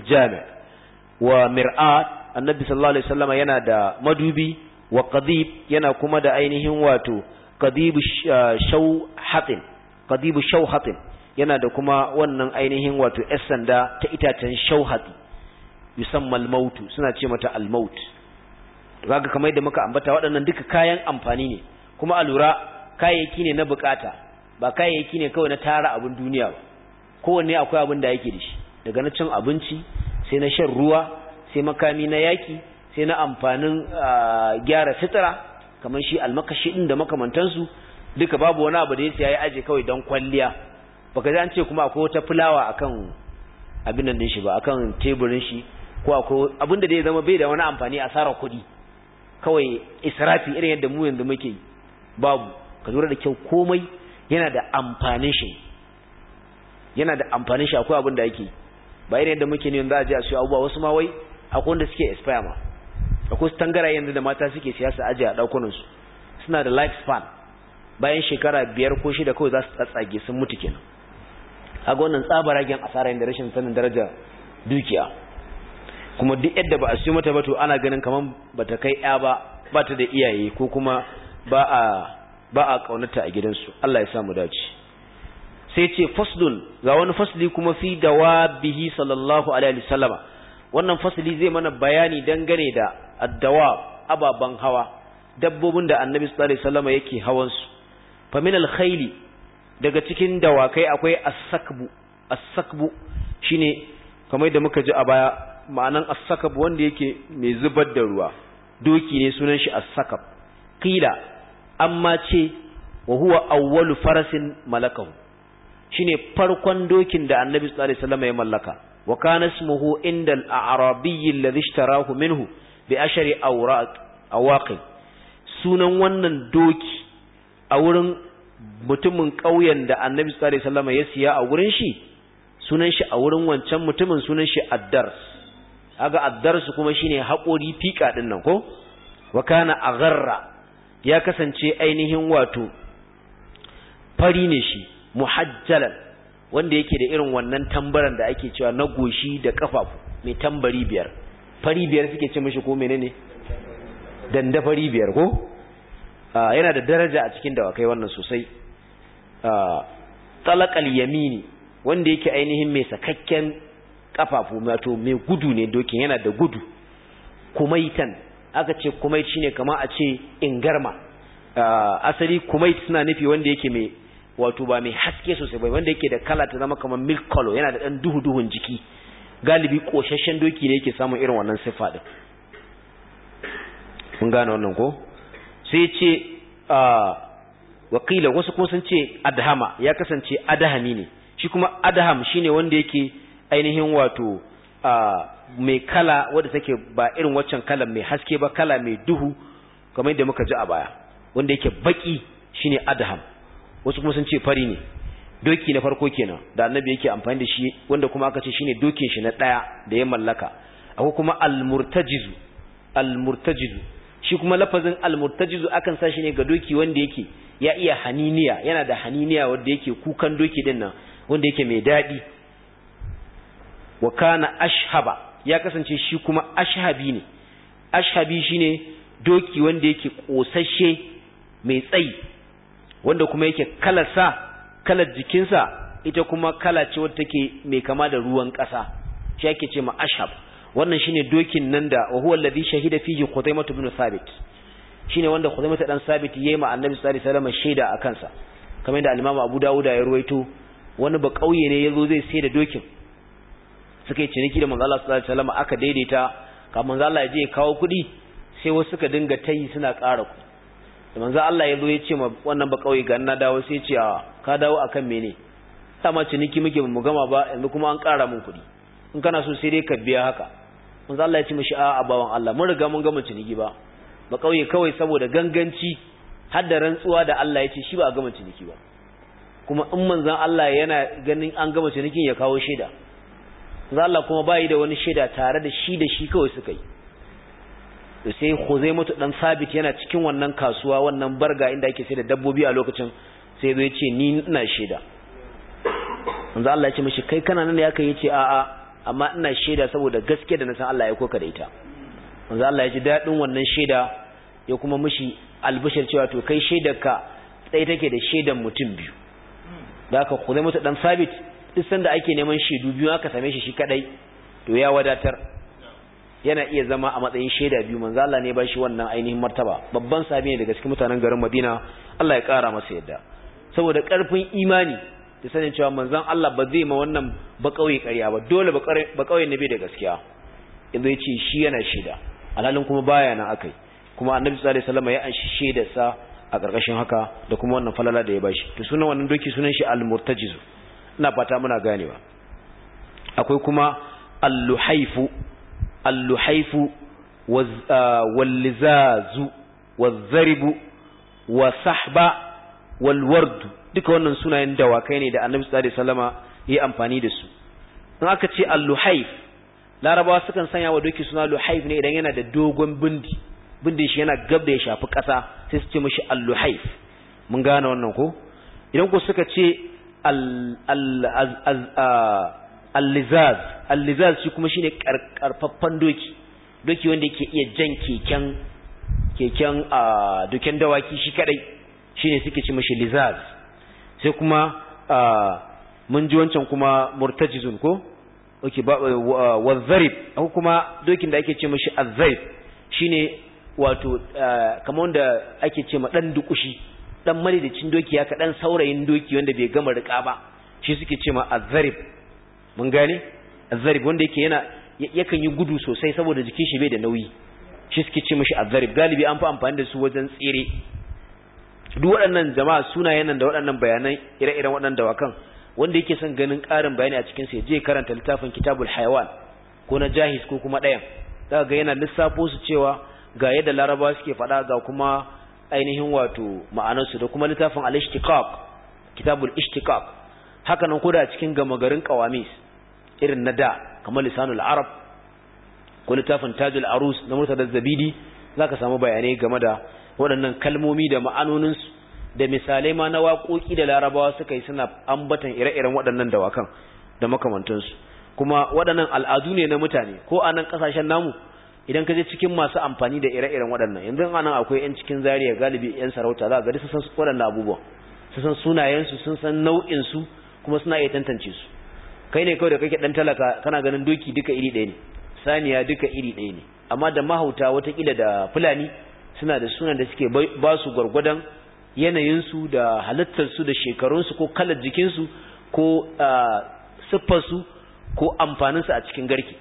wa mir'at annabi sallallahu alaihi wasallam yana da madubi wa qadib yana kuma da ainihin wato qadibu ah, shawhatin qadibu shawhatin yana da kuma wannan ainihin wato yar sanda ta itacen shauhati yusamma al-mautu suna ce mata al-maut kaga kamar yadda muka ambata waɗannan duka kayan amfani ne kuma a lura kayayyaki ne na bukata ba kayayyaki ne kawai na tara abin duniya ba kowanne akwai abin da yake da shi daga na cin abinci sai na shan ruwa sai makami na yaki sai na amfanin gyara fitira kamar shi almakashi din da makamantansu duka babu wani abu da ya siya aje kawai don kwalliya baka ji an ce kuma akwai wata fulawa akan abin nan din shi ba akan teburin shi ko akwai abin da zai zama bai da wani amfani a sara kuɗi kawai israfi irin yadda mu yanzu muke babu ka lura da kyau komai yana da amfanin shi yana da amfanin shi akwai abin da yake ba irin yadda muke ne za a je a siya abubuwa wasu ma wai akwai wanda suke expire ma akwai tangara yanzu da mata suke siyasa aje a dakunan su suna da life span bayan shekara biyar ko shida kawai za su tsatsage sun mutu kenan a ga wannan ragen asara da rashin sanin daraja dukiya kuma duk yadda ba a siyo mata ba to ana ganin kaman ta kai ya ba ba ta da iyaye ko kuma ba a ba a kaunata a gidansu Allah ya sa mu dace sai ce faslun ga wani fasli kuma fi dawabihi sallallahu alaihi wasallama wannan fasli zai mana bayani dangane da addawa ababan hawa dabbobin da annabi sallallahu alaihi wasallama yake hawan su fa min alkhayli daga cikin dawakai akwai as-sakbu as-sakbu shine kamar da muka ji a baya ma'anan as-sakab wanda yake mai zubar da ruwa doki ne sunan shi as-sakab qila amma ce wa huwa awwalu farasin malakahu shine farkon dokin da annabi sallallahu alaihi wasallam ya mallaka wa kana ismuhu inda al alladhi ishtarahu minhu bi ashri awraq awaqi sunan wannan doki a wurin mutumin ƙauyen da annabi sallallahu alaihi wasallam ya siya a wurin shi sunan shi a wurin wancan mutumin sunan shi addars aga addars kuma shine haƙori fika din nan ko wa kana agharra ya kasance ainihin wato fari ne shi muhajjalan wanda yake da irin wannan tambaran da ake cewa na goshi da kafafu mai tambari biyar fari biyar suke ce mishi ko menene danda fari biyar ko ah, yana da daraja a cikin dawakai wannan sosai ah, talaqal yamini wanda yake ainihin mai sakakken ƙafafu wato mai gudu ne dokin yana da gudu kumaitan aka ce kumait shine kamar a ce ingarma ah, asali kumait suna nufi wanda yake mai wato ba mai haske sosai ba wanda yake da kala ta zama kamar milk color yana da dan duhu duhun jiki galibi koshashen doki ne yake samun irin wannan sifa din mun gane wannan ko sai ce ah, wakila wasu kuma sun ce adhama ya kasance adahami ne shi kuma adham shine wanda yake ainihin wato ah, mai kala wanda take ba irin waccan kala mai haske ba kala mai duhu kamar yadda muka ji a baya wanda yake baki shine adham wasu kuma sun ce fari ne doki na farko kenan da annabi yake amfani da shi wanda kuma aka ce shine dokin shi na daya da ya mallaka akwai kuma almurtajizu almurtajizu shi kuma lafazin almurtajizu akan sa shi ne ga doki wanda yake ya iya haniniya yana da haniniya wanda yake kukan doki din nan wanda yake mai dadi wa kana ashhaba ya kasance shi kuma ashhabi ne ashhabi shine doki wanda yake kosashe mai tsayi wanda kuma yake kalarsa kalar jikinsa ita kuma kala ce wadda take mai kama da ruwan ƙasa shi ake ce ma ashab wannan shine dokin nan da wa huwa alladhi shahida fihi Qutaymah ibn Thabit shine wanda Qutaymah dan Thabit yayi ma Annabi sallallahu alaihi wasallam shaida a kansa. kamar da al-Imam Abu Dawud ya ruwaito wani ba kauye ne yazo zai sai da dokin suka yi ciniki da manzo Allah sallallahu alaihi wasallam aka daidaita kamar manzo Allah ya je ya kawo kuɗi sai wasu suka dinga tayi suna ƙara kudi da manzo Allah ya zo ya ce ma wannan ba kauye ga na dawo sai ya ce ka dawo akan mene sama ciniki muke mu gama ba yanzu kuma an ƙara mun kuɗi in kana so sai dai ka biya haka manzo Allah ya ce mishi a'a bawan Allah mun riga mun gama ciniki ba ba kauye kawai saboda ganganci har da rantsuwa da Allah ya ce shi ba a gama ciniki ba kuma in manzon Allah yana ganin an gama cinikin ya kawo shaida manzo Allah kuma bai da wani shaida tare da shi da shi kawai suka yi to sai Khuzaimatu dan Sabit yana cikin wannan kasuwa wannan barga inda ake sai da dabbobi a lokacin sai zo yace ni ina shaida manzo Allah ya ce mishi kai kana nan da yaka yace a'a amma ina shaida saboda gaske da na san Allah ya koka da ita manzo Allah ya ji dadin wannan shaida ya kuma mishi albishir cewa to kai shaidarka tsaye take da shaidan mutum biyu da haka Khuzaimatu dan Sabit duk sanda ake neman shaidu biyu aka same shi shi kadai to ya wadatar yana iya zama a matsayin shaida biyu manzo Allah ne ba shi wannan ainihin martaba babban sahabi ne daga cikin mutanen garin Madina Allah ya kara masa yadda saboda karfin imani da sanin cewa manzon Allah ba zai ma wannan ba kauye ba dole ba kauye nabi da gaskiya yanzu yace shi yana shaida alalin kuma baya nan akai kuma annabi sallallahu alaihi wasallam ya anshi sa a ƙarƙashin haka da kuma wannan falala da ya bashi to sunan wannan doki sunan shi al-murtajiz ina fata muna gane ba. akwai kuma al-luhaifu alluhaifu wallizazu wazzaribu wasahba walwardu duka wannan sunayen dawakai ne da annabi sallallahu alaihi wasallama yi amfani da su in aka ce alluhaif larabawa sukan sanya wa doki suna luhaif ne idan yana da dogon bindi bindin shi yana gab ya shafi ƙasa sai su ce mishi alluhaif mun gane wannan ko idan ku suka ce al allizaz allizaz shi kuma shine karfaffan doki doki wanda yake iya jan keken keken a duken dawaki shi kadai shine suke ci mashi lizaz sai kuma mun ji wancan kuma murtajizun ko oke ba wazzarib ko kuma dokin da ake ce mashi azzarib shine wato kamar wanda ake ce ma dan dukushi dan cin doki ya ka dan saurayin doki wanda bai gama rika ba shi suke ce ma azzarib mun gane azzarib wanda yake yana yakan yi gudu sosai saboda jikin shi bai da nauyi shi suke ce mishi azzarib galibi an fi amfani da su wajen tsere duk waɗannan jama'a suna yanan da waɗannan bayanan ire-iren waɗannan dawakan wanda yake son ganin ƙarin bayani a cikin sai je karanta littafin kitabul hayawan ko na jahis ko kuma ɗayan zaka ga yana lissafo su cewa ga yadda laraba suke faɗa ga kuma ainihin wato ma'anarsu da kuma littafin al-ishtiqaq kitabul ishtiqaq haka nan ko da cikin gama garin qawamis irin na da kamar lisanul arab ko littafin tajul arus na murtada zabidi zaka samu bayanai game da waɗannan kalmomi da ma'anoninsu da misalai ma na waƙoƙi da larabawa suka yi suna ambatan ire-iren waɗannan dawakan da makamantansu kuma waɗannan al'adu ne na mutane ko a nan ƙasashen namu idan ka je cikin masu amfani da ire-iren waɗannan yanzu a nan akwai 'yan cikin zariya galibi 'yan sarauta za a gari sun san waɗannan abubuwan sun san sunayensu sun san nau'insu kuma suna iya tantance su kai ne kawai da kake dan talaka kana ganin doki duka iri ɗaya ne saniya duka iri ɗaya ne amma da mahauta watakila da fulani suna da sunan da suke ba su gwargwadon yanayinsu da halittarsu da shekarunsu ko kalar jikinsu ko siffarsu ko amfaninsu a cikin garki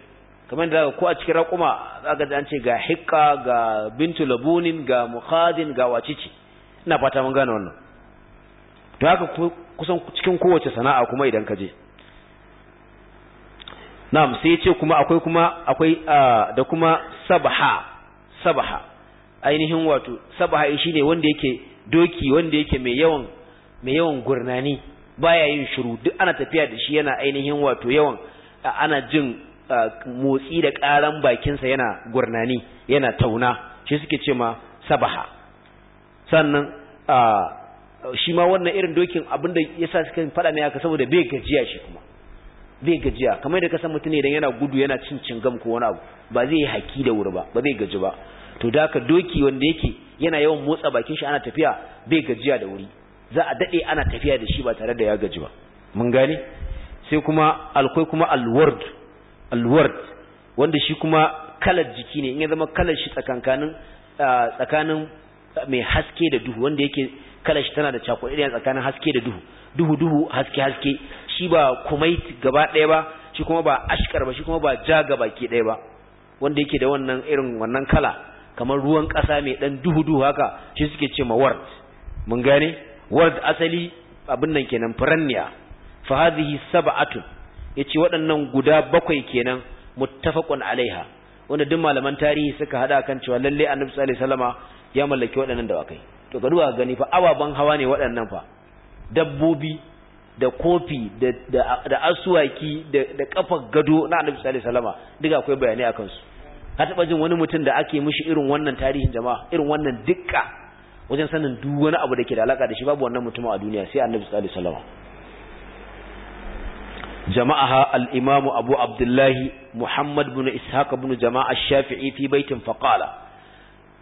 kamar da ko a cikin raƙuma za ga an ce ga hikka ga bintu labunin ga muhadin ga wacici ina fata mun gane wannan to haka kusan cikin kowace sana'a kuma idan ka je na'am sai yace kuma akwai kuma akwai da kuma sabaha sabha ainihin wato sabha shine wanda yake doki wanda yake mai yawan mai yawan gurnani baya yin shiru duk ana tafiya da shi yana ainihin wato yawan ana jin motsi da karan bakinsa yana gurnani yana tauna shi suke ce ma sabaha sannan shi ma wannan irin dokin abinda yasa suka fada ne aka saboda bai gajiya shi kuma bai gajiya kamar da kasan mutum idan yana gudu yana cin cingam ko wani abu ba zai yi haki da wuri ba ba zai gaji ba to da haka doki wanda yake yana yawan motsa bakin shi ana tafiya bai gajiya da wuri za a dade ana tafiya da shi ba tare da ya gaji ba mun gane sai kuma alkwai kuma alward alward wanda shi kuma kalar jiki ne in ya zama kalar shi tsakankanin tsakanin mai haske da duhu wanda yake kalar shi tana da cakuɗe tsakanin haske da duhu duhu duhu haske haske shi ba kumait gaba ɗaya ba shi kuma ba ashkar ba shi kuma ba ja gaba ki ɗaya ba wanda yake da wannan irin wannan kala kamar ruwan ƙasa mai ɗan duhu-duhu haka shi suke ce ma ward mun gane ward asali abin nan kenan firanniya fa hadhihi sab'atun yace waɗannan guda bakwai kenan muttafaqun alaiha wanda duk malaman tarihi suka hada kan cewa lalle annabi sallallahu alaihi wasallama ya mallaki waɗannan dawakai to ga duwa gani fa ababan hawa ne waɗannan fa dabbobi da kofi da asuwaki da kafar gado na annabi sallallahu alaihi wasallama duk akwai bayanai akan su ka taba jin wani mutum da ake mishi irin wannan tarihin jama'a irin wannan dukka wajen sanin duk wani abu da ke da alaka da shi babu wannan mutum a duniya sai annabi sallallahu alaihi wasallama al-imam Muhammad abdullah muhammad ibn Jama'a ibn jama'a shafi'i fi baitin faqala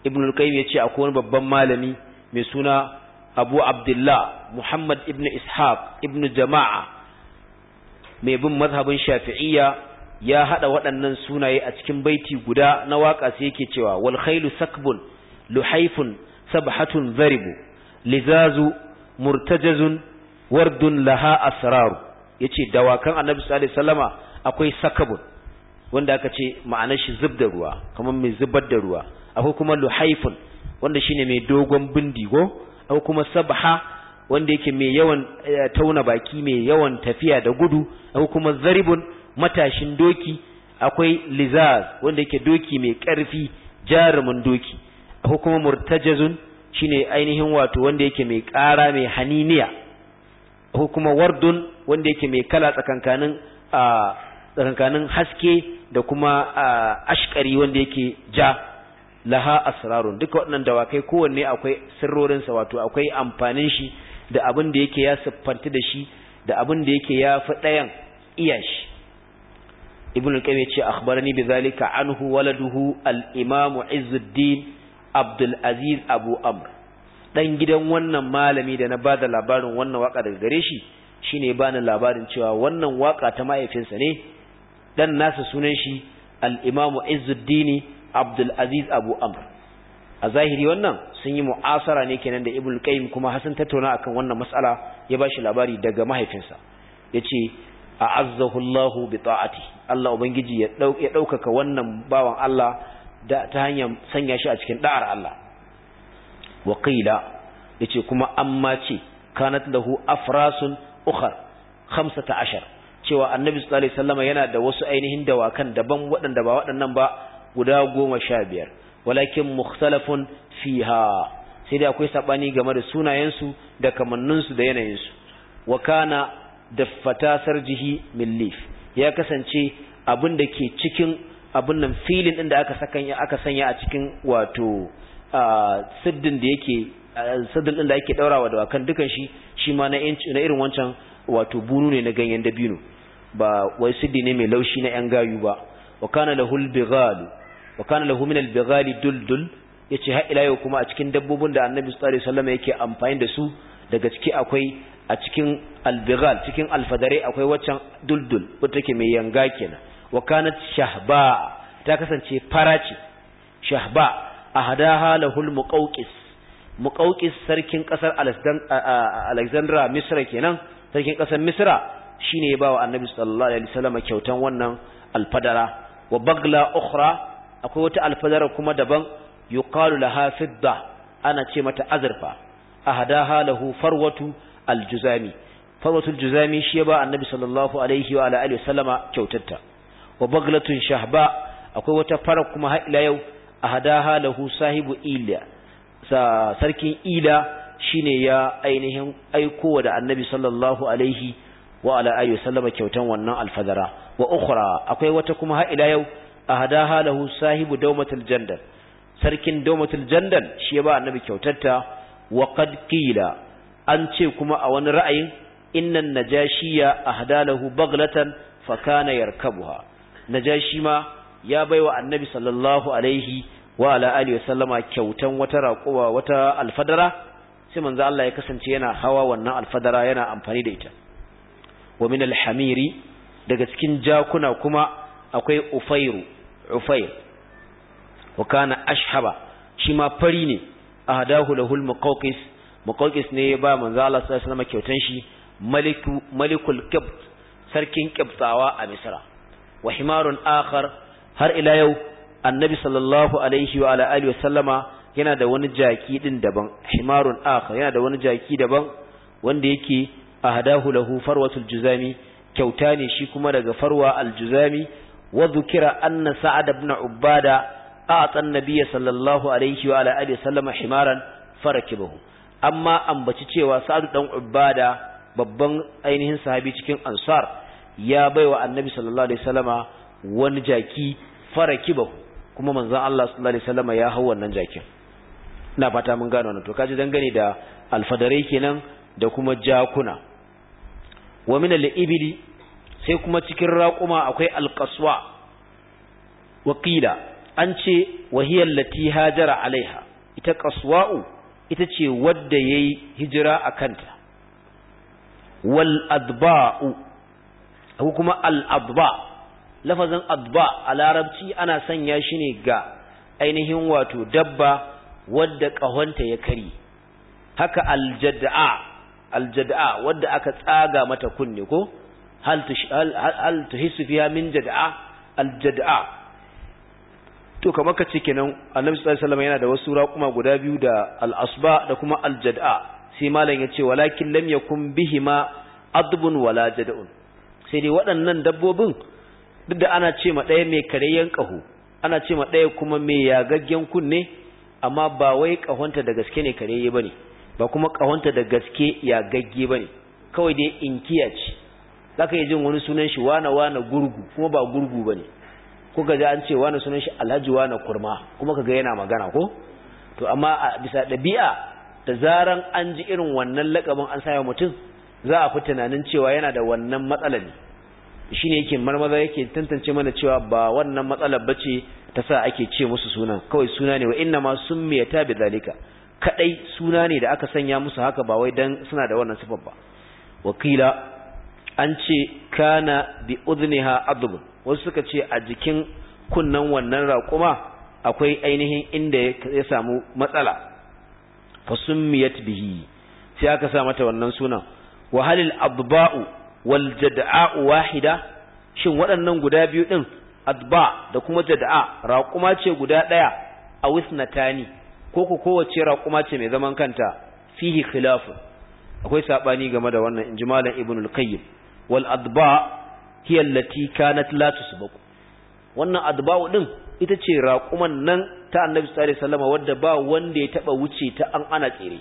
ibn al-qayyim yace akwai wani babban malami mai suna. abu abdullah muhammad ibn ishaq ibn jama'a mai bin mazhabin shafi'iyya ya hada waɗannan sunaye a cikin baiti guda na waƙa sai yake cewa wal khailu sakbun luhaifun sabhatun zaribu lizazu murtajazun wardun laha asraru yace dawakan annabi sallallahu alaihi wasallama akwai sakabun wanda aka ce ma'anar shi zub da ruwa kamar mai zubar da ruwa akwai kuma luhaifun wanda shine mai dogon bindigo ko kuma sabha wanda yake mai yawan eh, tauna baki mai yawan tafiya da gudu ko kuma zaribun matashin doki akwai lizaz wanda yake doki mai ƙarfi jarumin doki ko kuma murtajazun shine ainihin wato wanda yake mai ƙara mai haniniya ko kuma wardun wanda yake mai kala tsakankanin ah, tsakankanin haske da kuma ah, ashkari wanda yake ja laha asrarun duka waɗannan dawakai kowanne akwai sirrorinsa wato akwai amfanin shi da abin da yake ya siffanta da shi da abin da yake ya fi ɗayan iyashi. ibn al-qayyim yace akhbarani bi zalika anhu waladuhu al-imam Izzuddin Abdul Aziz Abu Amr dan gidan wannan malami da na bada labarin wannan waka daga gare shi shine bani labarin cewa wannan waka ta mahaifinsa ne dan nasa sunan shi al-imam Izzuddin Abdul Aziz Abu Amr a zahiri wannan sun yi mu'asara ne kenan da Ibn Qayyim kuma hasan tattauna akan wannan mas'ala ya bashi labari daga mahaifinsa yace a'azzahu Allahu bi ta'ati Allah ubangiji ya ɗaukaka wannan bawan Allah da ta hanyar sanya shi a cikin da'ar Allah wa qila yace kuma amma ce kanat lahu afrasun ukhar 15 cewa annabi sallallahu alaihi yana da wasu ainihin dawakan daban waɗanda ba waɗannan ba guda goma sha biyar walakin mukhtalafun fiha sai dai akwai saɓani game da sunayensu da kamanninsu da yanayinsu wa kana fatasar jihi min leaf ya kasance abin da ke cikin abin nan filin din da aka sanya a cikin wato siddin da yake siddin din da yake daurawa da wakan dukan shi shi ma na irin wancan wato bunu ne na ganyen dabino ba wai siddi ne mai laushi na yan gayu ba wa kana lahul bighalu wa kana lahu min al-bighali duldul yace har ila yau kuma a cikin dabbobin da Annabi sallallahu alaihi wasallam yake amfani da su daga ciki akwai a cikin al-bighal cikin alfadare akwai waccan duldul wacce take mai yanga kenan wa kanat shahba ta kasance farace shahba ahadaha lahul muqawqis muqawqis sarkin kasar Alexandra Misra kenan sarkin kasar Misra shine ya bawa Annabi sallallahu alaihi wasallam kyautan wannan alfadara wa bagla ukhra akwai wata alfadara kuma daban yuqalu laha fidda ana ce mata azurfa ahadaha lahu farwatu aljuzami farwatu aljuzami shi ba annabi sallallahu alaihi wa ala alihi wasallama kyautarta wa baglatun shahba akwai wata fara kuma har ila yau ahadaha lahu sahibu ila sa sarkin ila shine ya ainihin aiko da annabi sallallahu alaihi wa ala alihi wasallama kyautan wannan alfadara wa ukhra akwai wata kuma har ila yau Ahada lahu sahibu dawmatil jandal sarkin dawmatil jandal shi ya ba annabi kyautarta wa qad qila an ce kuma a wani ra'ayin innan najashiya ahda lahu baglatan fa kana yarkabuha najashi ma ya baiwa annabi sallallahu alaihi wa ala alihi wa sallama kyautan wata raquwa wata alfadara sai manzo Allah ya kasance yana hawa wannan alfadara yana amfani da ita wa min alhamiri daga cikin jakuna kuma akwai ufairu ufail wa kana ashhaba shi ma fari ne ahadahu lahul muqawqis muqawqis ne ya ba manzo Allah sallallahu alaihi wasallam kyautan shi maliku malikul qibt sarkin qibtawa a misra wa himarun akhar har ila yau annabi sallallahu alaihi wa alihi wasallama yana da wani jaki din daban himarun akhar yana da wani jaki daban wanda yake ahadahu lahu farwatul juzami kyauta ne shi kuma daga farwa aljuzami wa dhukira anna sa'ad ibn ubada a'ta an-nabiy sallallahu alaihi wa alihi sallama himaran farakibahu amma ambaci cewa sa'ad dan ubada babban ainihin sahabi cikin ansar ya baiwa annabi sallallahu alaihi wasallama wani jaki farakibahu kuma manzon Allah sallallahu alaihi wasallama ya hau wannan jakin ina fata mun gano wannan to kaji dangane da alfadarai kenan da kuma jakuna wa min al-ibli sai kuma cikin raƙuma akwai alƙaswa wakila an ce wahiyar lati hajara alaiha ita ƙaswa'u ita ce wadda ya yi hijira a kanta wal adba'u ko kuma al adba lafazin adba a larabci ana sanya shi ne ga ainihin wato dabba wadda ƙahonta ya kari haka aljada'a aljada'a wadda aka tsaga mata kunne ko hal hal هل تحس min jad'a al to kamar ka ce kenan annabi sallallahu alaihi yana da wasu raƙuma guda biyu da al asba da kuma al jad'a sai malam ya ce walakin lam yakun bihima adbun wala jad'un sai dai waɗannan dabbobin duk da ana ce ma ɗaya mai karayen ƙaho ana ce ma ɗaya kuma mai yagaggen kunne amma ba wai kahonta da gaske ne kareye ba ba kuma ƙahonta da gaske yagagge bane kawai dai inkiya ce zaka yi jin wani sunan shi wana wana gurgu kuma ba gurgu bane ko ga an ce wana sunan shi alhaji wana kurma kuma ka kaga yana magana ko to amma a bisa dabi'a da zaran an ji irin wannan lakabin an saya mutum za a fi tunanin cewa yana da wannan matsala ne shi ne yake marmaza yake tantance mana cewa ba wannan matsalar ce ta sa ake ce musu suna kawai suna ne wa inna ma ta bi zalika kadai suna ne da aka sanya musu haka ba wai dan suna da wannan sifar ba wakila an ce kana bi udniha adubun wasu suka ce a jikin kunnan wannan raƙuma akwai ainihin inda ya samu matsala fasummiyat bihi sai aka sa mata wannan sunan wa halil adba'u wal jada'u wahida shin waɗannan guda biyu din adba da kuma jada'a raƙuma ce guda ɗaya a wisnatani ko ku kowace raƙuma ce mai zaman kanta fihi khilafu akwai sabani game da wannan injimalan ibnul qayyim wal adba hiya allati kanat la wannan adba'u din ita ce raquman nan ta annabi sallallahu alaihi wasallam wadda ba wanda ya taba wuce ta an ana tsere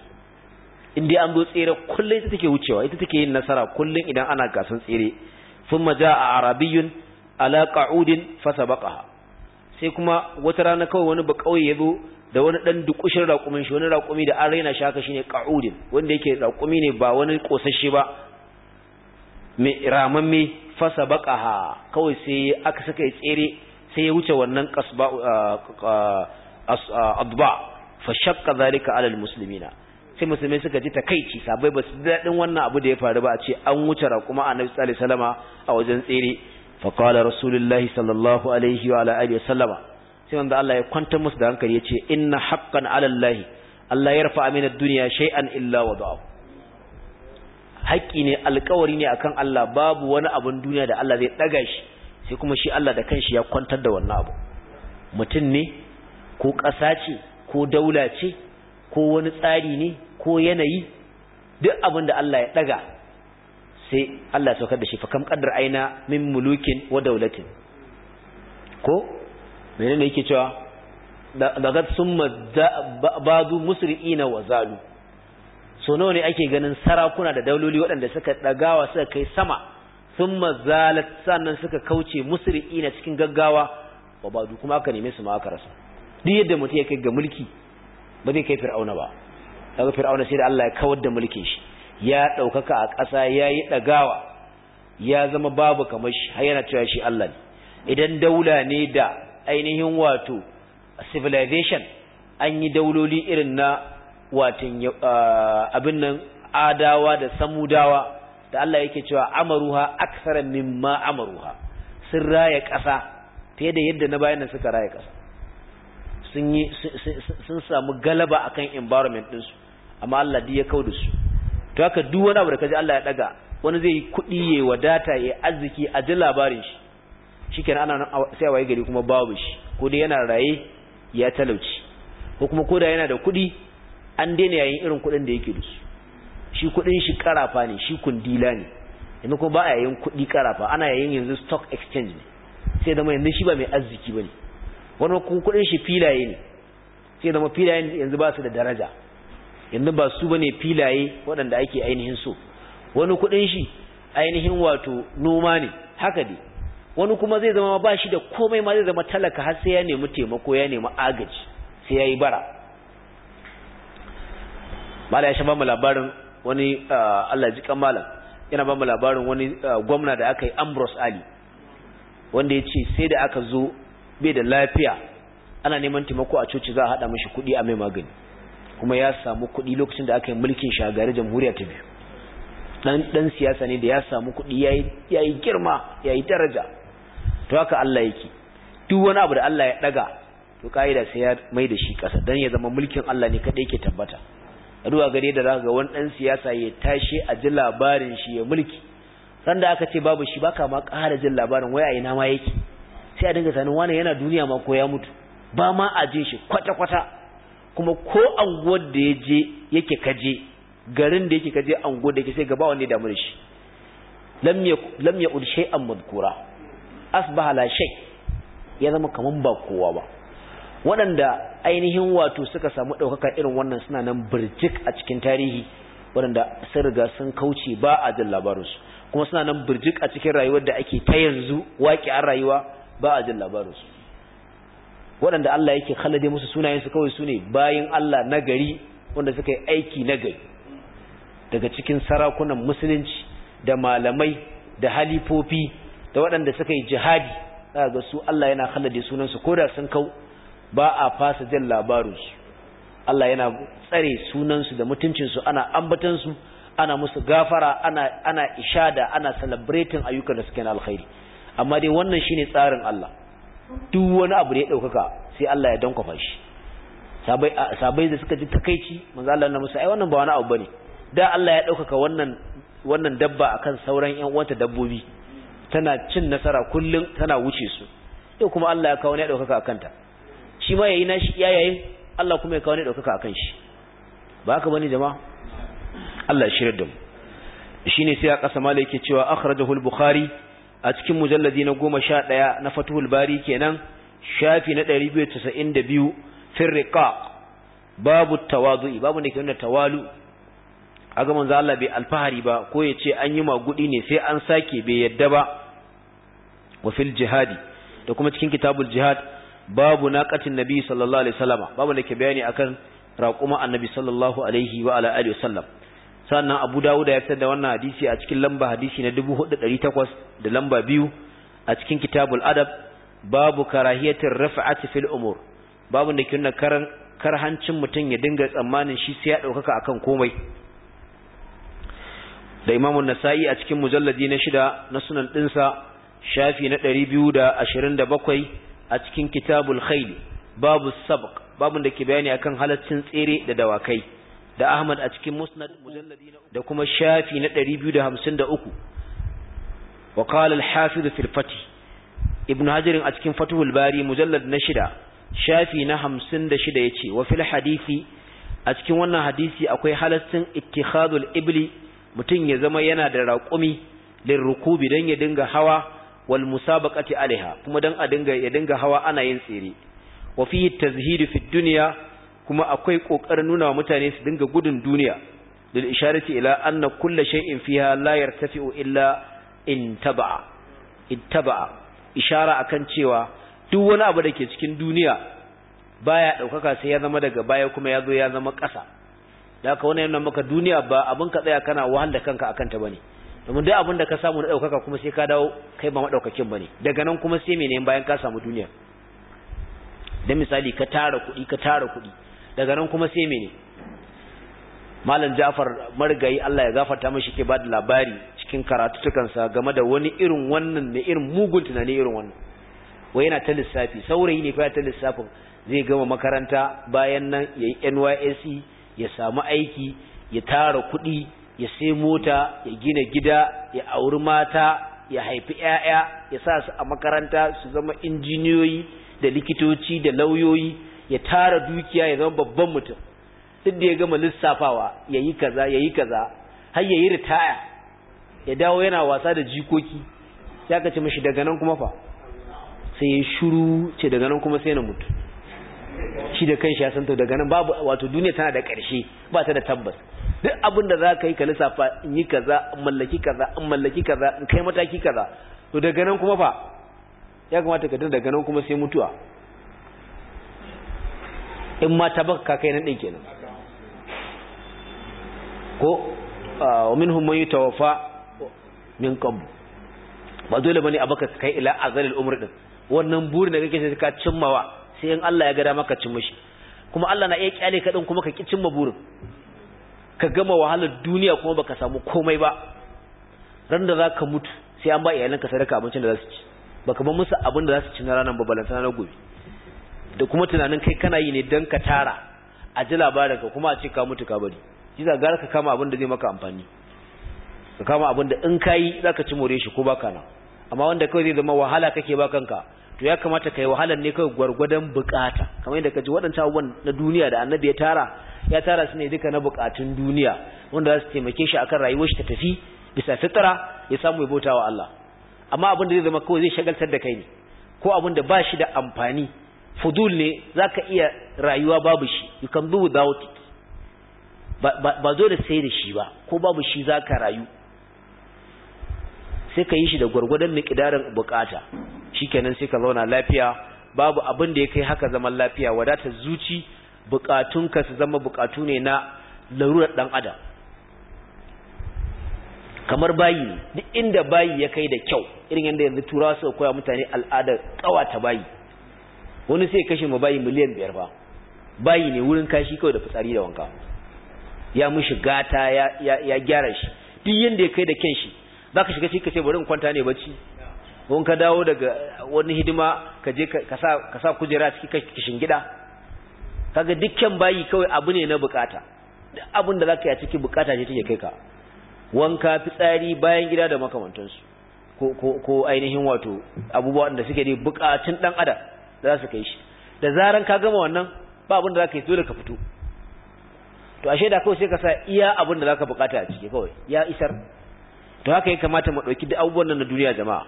indai an zo tsere kullun ita take wucewa ita take yin nasara kullun idan ana gasan tsere thumma jaa arabiyyun ala qa'udin fasabaqaha sai kuma wata rana kawai wani bakawai ya zo da wani dan dukushin raƙumin shi wani raƙumi da an raina shaka shine qa'udin wanda yake raƙumi ne ba wani kosashe ba mai ramamme fasa ha kawai sai aka saka ya tsere sai ya wuce wannan qasba uh, uh, uh, adba fa shaqqa zalika ala almuslimina sai musulmai suka ji takeici sabai basu dadin wannan abu da ya faru ba a ce an wuce ra kuma annabi sallallahu alaihi wasallama a wajen tsere fa qala rasulullahi sallallahu alaihi wa alihi wasallama sai wanda Allah ya kwantar musu da hankali ya ce inna haqqan ala Allah Allah ya rafa amina duniya shay'an illa wada'ahu haƙƙi ne alƙawari ne akan Allah babu wani abin duniya da Allah zai ɗaga shi sai kuma shi Allah da kanshi ya kwantar da wannan abu mutum ne ko ƙasa ce ko daula ce ko wani tsari ne ko yanayi duk abin da Allah ya ɗaga sai Allah ya saukar da shi fakam ƙaddar aina min mulukin wa daulatin ko menene yake cewa daga sun badu musri'ina wa zalu so nawa ne ake ganin sarakuna da dauloli waɗanda suka ɗagawa suka kai sama sun mazalat sannan suka kauce musri'i na cikin gaggawa ba ba kuma aka neme su ma aka rasa duk yadda mutum ya kai ga mulki ba zai kai fir'auna ba daga fir'auna sai da Allah ya kawar da mulkin shi ya ɗaukaka a ƙasa ya yi ɗagawa ya zama babu kamar shi har yana cewa shi Allah ne idan daula ne da ainihin wato civilization an yi dauloli irin na watin abin nan adawa da samudawa da Allah yake cewa amaruha aksara mimma amaruha sun raya ƙasa fiye da yadda na bayan suka raya ƙasa sun yi sun samu galaba akan environment din su amma Allah duk ya kaudu su to haka duk wani abu da kaji Allah ya daga wani zai yi kuɗi ya wadata ya arziki a ji labarin shi shikenan ana nan sai waye gari kuma babu shi ko dai yana raye ya talauci ko kuma koda yana da kuɗi an daina yayin irin kuɗin da yake da shi kuɗin shi karafa ne shi kundila ne yanzu kuma ba a yayin kuɗi karafa ana yayin yanzu stock exchange ne sai zama yanzu shi ba mai arziki ba ne wani kuma kuɗin shi filaye ne sai zama filaye yanzu ba su da daraja yanzu ba su ba filaye waɗanda ake ainihin so wani kuɗin shi ainihin wato noma ne haka dai wani kuma zai zama ba shi da komai ma zai zama talaka har sai ya nemi taimako ya nemi agaji sai ya yi bara mala ya shi bamu labarin wani ah, Allah ji kan malam yana bamu labarin wani ah, gwamna da aka yi Ambrose Ali wanda ya ce sai da aka zo bai da lafiya ana neman taimako a coci za a haɗa mashi kuɗi a mai magani kuma ya samu kuɗi lokacin da aka yi mulkin shagari jamhuriya ta biyu dan siyasa ne da ya samu kuɗi ya yayi girma ya daraja to haka Allah yake duk wani abu da Allah ya ɗaga to ka'ida sai ya mai da shi kasa dan ya zama mulkin Allah ne kaɗai ke tabbata ruwa gare da zaka ga wani dan siyasa ya tashi a ji labarin shi ya mulki san da aka ce babu shi baka ma ƙara jin labarin waya ina ma yake sai a dinga sanin wani yana duniya ma ko ya mutu ba ma a jin shi kwata kwata kuma ko anguwar da ya je yake kaje garin da yake kaje anguwar da yake sai gaba wanda ya damu da shi lam ya lam ya shay'an madkura asbaha la shay ya zama kaman ba kowa ba waɗanda ainihin wato suka samu ɗaukaka irin wannan suna nan birjik a cikin tarihi waɗanda sun riga sun kauce ba a jin labarinsu kuma suna nan birjik a cikin rayuwar da ake ta yanzu waƙi an rayuwa ba a jin labarinsu waɗanda Allah yake khalade musu sunayensu kawai sune ne bayan Allah na gari wanda suka yi aiki na gari daga cikin sarakunan musulunci da malamai da halifofi da waɗanda suka yi jihadi ga su Allah yana khalade sunansu ko da sun kau ba a fasa jin labarinsu Allah yana tsare sunansu da mutuncinsu ana ambatansu ana musu gafara ana ana ishada ana celebrating ayyukan da suke na alkhairi amma dai wannan shine tsarin Allah duk wani abu da ya daukaka sai Allah ya dankwafa shi sabai sabai da suka ji takeici manzo Allah na musu ai wannan ba wani abu bane da Allah ya daukaka wannan wannan dabba akan sauran ƴan wata dabbobi tana cin nasara kullun tana wuce su yau kuma Allah ya kawo ne ya daukaka akanta shi ma yayi nashi iya Allah kuma ya kawo ne daukaka akan shi ba haka bane jama'a Allah ya shirar da mu shine sai a kasa mala yake cewa akhrajahu al-bukhari a cikin mujalladi na 11 na fatuhul bari kenan shafi na 292 fi riqaq babu tawadu'i babu ne ke wannan tawalu aga manzo Allah bai alfahari ba ko ya ce an yi magudi ne sai an sake bai yadda ba wa fil jihadi da kuma cikin kitabul jihad babu naqatin nabi sallallahu alaihi wasallama babu da ke bayani akan raquma annabi sallallahu alaihi wa ala alihi wasallam sannan abu dauda ya fitar da wannan hadisi a cikin lamba hadisi na 4800 da lamba biyu a cikin kitabul adab babu karahiyatir raf'ati fil umur babu da ke nuna karan karhancin mutum ya dinga tsammanin shi sai ya daukaka akan komai da imamu nasa'i a cikin mujalladi na shida na sunan dinsa shafi na 227 a cikin kitabul khaili babu sabq babun da ke bayani akan halaccin tsere da dawakai da Ahmad a cikin Musnad da kuma Shafi na 253 wa qala al-hafiz fi al-fath ibn hajar a cikin fatuhul bari mujallad na shida shafi na 56 yace wa fil hadisi a cikin wannan hadisi akwai halaccin ittikhadul ibli mutum ya zama yana da raƙumi rukubi dan ya dinga hawa wal musabaqati alaiha kuma dan a dinga ya dinga hawa ana yin tsere wa fihi tazhid fi dunya kuma akwai kokarin nuna wa mutane su dinga gudun duniya lil isharati ila anna kulla shay'in fiha la yartafi'u illa in in taba'a, ishara akan cewa duk wani abu da ke cikin duniya baya daukaka sai ya zama daga baya kuma ya zo ya zama ƙasa da haka wannan yana maka duniya ba abin ka tsaya kana wahal da kanka akan ta bane domin duk abin da ka samu na ɗaukaka kuma sai ka dawo kai ba maɗaukakin ba ne daga nan kuma sai mai bayan ka samu duniya don misali ka tara kuɗi ka tara kuɗi daga nan kuma sai ne. malam jafar marigayi allah ya gafarta mashi ke ba da labari cikin karatutukansa game da wani irin wannan da irin mugun tunani irin wannan wai yana ta lissafi saurayi ne fa ta lissafin zai gama makaranta bayan nan ya yi nysc ya samu aiki ya tara kuɗi ya sai mota ya gina gida ya auri mata ya haifi 'ya'ya ya sa su a makaranta su zama injiniyoyi da likitoci da lauyoyi ya tara dukiya ya zama babban mutum duk da ya gama lissafawa ya yi kaza ya yi kaza har ya yi ritaya ya dawo yana wasa da jikoki ya kace mashi daga nan kuma fa sai ya shuru ce daga nan kuma sai na mutu shi da kanshi ya santo daga nan babu wato duniya tana da ƙarshe ba ta da tabbas duk abin da za ka yi ka lissafa in yi kaza in mallaki kaza in mallaki kaza in kai mataki kaza to daga nan kuma fa ya kamata ka tana daga nan kuma sai mutuwa in ma ta baka kai nan din kenan ko wa minhum man yutawaffa min qabl ba dole bane a baka kai ila azalil umr din wannan buri da kake sai ka cimmawa sai in Allah ya gada maka cin mushi kuma Allah na iya kyale ka din kuma ka ki cin burin ka gama wahalar duniya kuma baka samu komai ba ran da zaka mutu sai an ba iyalanka sadaka abincin da za su ci baka ba musu abin da za su ci na ranar babalanta na gobe da kuma tunanin kai kana yi ne dan ka tara a ji labarin ka kuma a ce ka mutu ka bari shi za gara ka kama abin da zai maka amfani ka kama abin da in ka yi za ka ci more shi ko baka na amma wanda kawai zai zama wahala kake ba kanka to ya kamata kai wahalar ne kai gwargwadon bukata kamar yadda kaji waɗancan abubuwan na duniya da annabi ya tara ya tara su ne duka na bukatun duniya wanda za su taimake shi akan rayuwar shi ta tafi bisa fitra ya samu ya bauta wa Allah amma abin da zai zama kawai zai shagaltar da kai ne ko abin da ba shi da amfani fudul ne zaka iya rayuwa babu shi you can do without it ba zo da sai da shi ba ko babu shi zaka rayu sai ka yi shi da gwargwadon miƙidarin bukata shikenan sai ka zauna lafiya babu abin da ya kai haka zaman lafiya wadatar zuci bukatunka su zama bukatu ne na larurar dan adam kamar bayi duk inda bayi ya kai da kyau irin yadda yanzu turawa suka koya mutane al'ada kawa ta bayi wani sai kashe mu bayi miliyan biyar ba bayi ne wurin kashi kawai da fitsari da wanka ya mushi gata ya, gyara shi duk yadda ya kai da kyan shi za ka shiga ka sai bari in kwanta ne bacci in ka dawo daga wani hidima ka je ka sa kujera cikin kishin gida kaga dukkan bayi kawai abu ne na bukata duk abin da zaka yi a cikin bukata ce take kai ka wanka fitsari bayan gida da makamantansu ko ko ko ainihin wato abubuwa da suke da bukatun dan adam da za su kai shi da zaran ka gama wannan ba abin da zaka yi dole ka fito to ashe da kawai sai ka sa iya abin da zaka bukata a ciki kawai ya isar to haka ya kamata mu dauki duk abubuwan nan na duniya jama'a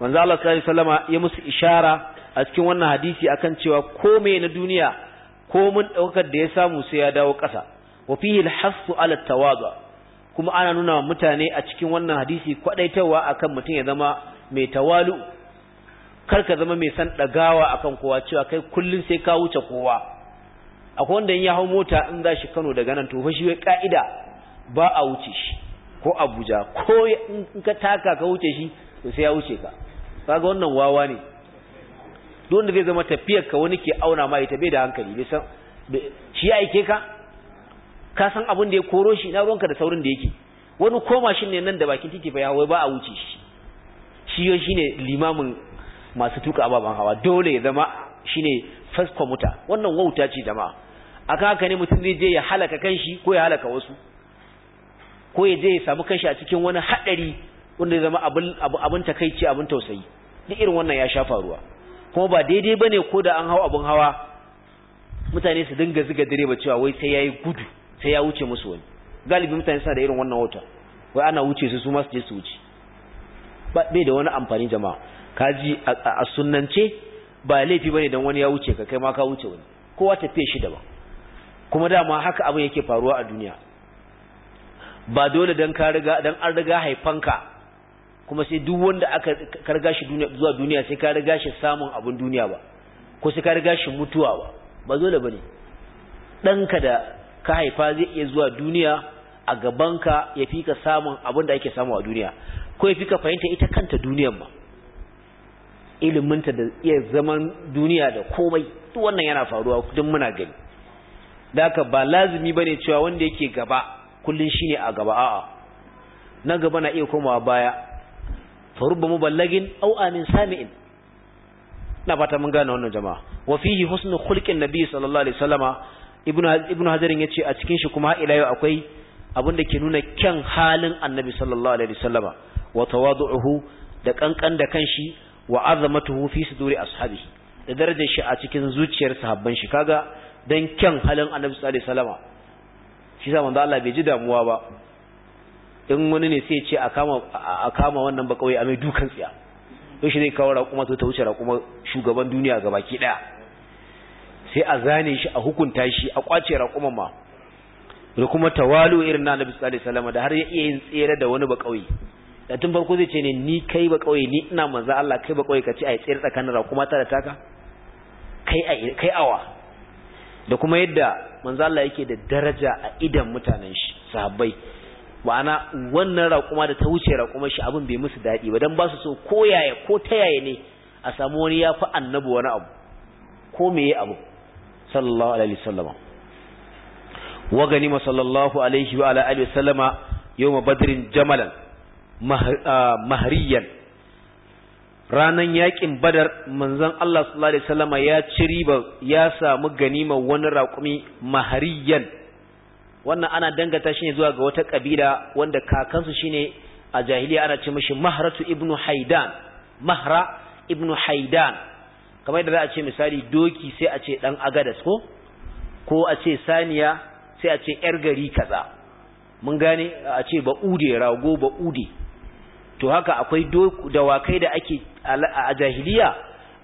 manzo Allah sallallahu alaihi wasallama ya musu ishara a cikin wannan hadisi akan cewa komai na duniya ko mun daukar da ya samu sai ya dawo kasa wa fihi al-hasu ala tawadu kuma ana nuna mutane a cikin wannan hadisi kwadaitawa akan mutum ya zama mai tawalu kar ka zama mai san dagawa akan kowa cewa kai kullun sai ka wuce kowa akwai wanda in ya hau mota in za shi Kano daga nan to fa shi ka'ida ba a wuce shi ko Abuja ko in ka taka ka wuce shi to sai ya wuce ka kaga wannan wawa ne duk wanda zai zama tafiyar ka wani ke auna ma ita bai da hankali bai san shi ya aike ka ka san abin da ya koro shi na ruwanka da saurin da yake wani koma shi ne nan da bakin titi fa ya wai ba a wuce shi shi yo shine limamin masu tuka ababen hawa dole ya zama shine first commuter wannan wauta ce jama'a aka haka ne mutum zai je ya halaka kanshi ko ya halaka wasu ko ya je ya samu kanshi a cikin wani hadari wanda ya zama abin abin takaici abin tausayi duk irin wannan ya sha faruwa kuma ba daidai bane ko da an hau abin hawa mutane su dinga ziga direba cewa wai sai yayi gudu sai ya wuce musu wani galibi mutane suna da irin wannan wata wai ana wuce su su ma su je su wuce ba bai da wani amfani jama'a kaji a sunnance ba laifi ne dan wani ya wuce ka kai ma ka wuce wani kowa tafiye shi daban kuma dama haka abin yake faruwa a duniya ba dole dan ka riga dan an riga haifanka kuma sai duk wanda aka karga shi zuwa duniya sai ka riga shi samun abin duniya ba ko sai ka riga shi mutuwa ba ba dole bane ɗanka da ka haifa zai iya zuwa duniya a gabanka ya fi ka samun abin da ake samu a duniya ko ya fi ka fahimta ita kanta duniyan ma iliminta da iya zaman duniya da komai duk wannan yana faruwa duk muna gani da haka ba lazumi bane cewa wanda yake gaba kullun shine a gaba a'a na gaba na iya komawa baya farubba muballagin aw amin sami'in na fata mun gane wannan jama'a wa fihi husnu khulqin nabi sallallahu alaihi wasallama ibnu ibnu hajarin yace a cikin shi kuma ila akwai abin da ke nuna kyan halin annabi sallallahu alaihi wasallama wa tawadu'uhu da kankan da kanshi wa azamatuhu fi suduri ashabihi da darajar shi a cikin zuciyar sahabban shi kaga dan kyan halin annabi sallallahu alaihi wasallama shi sa manzo Allah bai ji damuwa ba in wani ne sai ce a kama wannan ba kawai a mai dukan tsiya don shi zai kawo raƙuma to ta wuce raƙuma shugaban duniya ga baki ɗaya sai a zane shi a hukunta shi a ƙwace raƙuma ma da kuma tawalu irin na Annabi sallallahu alaihi da har ya iya yin tsere da wani ba kawai da tun farko zai ce ne ni kai ba ni ina manzo Allah kai ba ka ce ai tsere tsakanin raƙuma ta da taka kai a kai awa da kuma yadda manzo Allah yake da daraja a idan mutanen shi sahabbai ma'ana wannan raƙuma da ta wuce raƙumar shi abin bai musu daɗi ba don ba su so ko yaya ko ta yaya ne a samu wani ya fi annabi wani abu ko me yi abu sallallahu alaihi wasallama wa ma sallallahu alaihi wa alaihi wasallama yau ma badrin jamalan mahariyan ranan yakin badar manzon Allah sallallahu alaihi wasallama ya ci riba ya samu ganima wani raƙumi mahariyan wannan ana dangata shi ne zuwa ga wata kabila wanda kakansu shine a jahiliya ana ce mishi mahratu ibnu haidan mahra ibnu haidan kamar yadda za a ce misali doki sai a ce dan agadas ko ko a ce saniya sai a ce yar gari kaza mun gane a ce ba ude rago ba ude to haka akwai dawakai da ake a jahiliya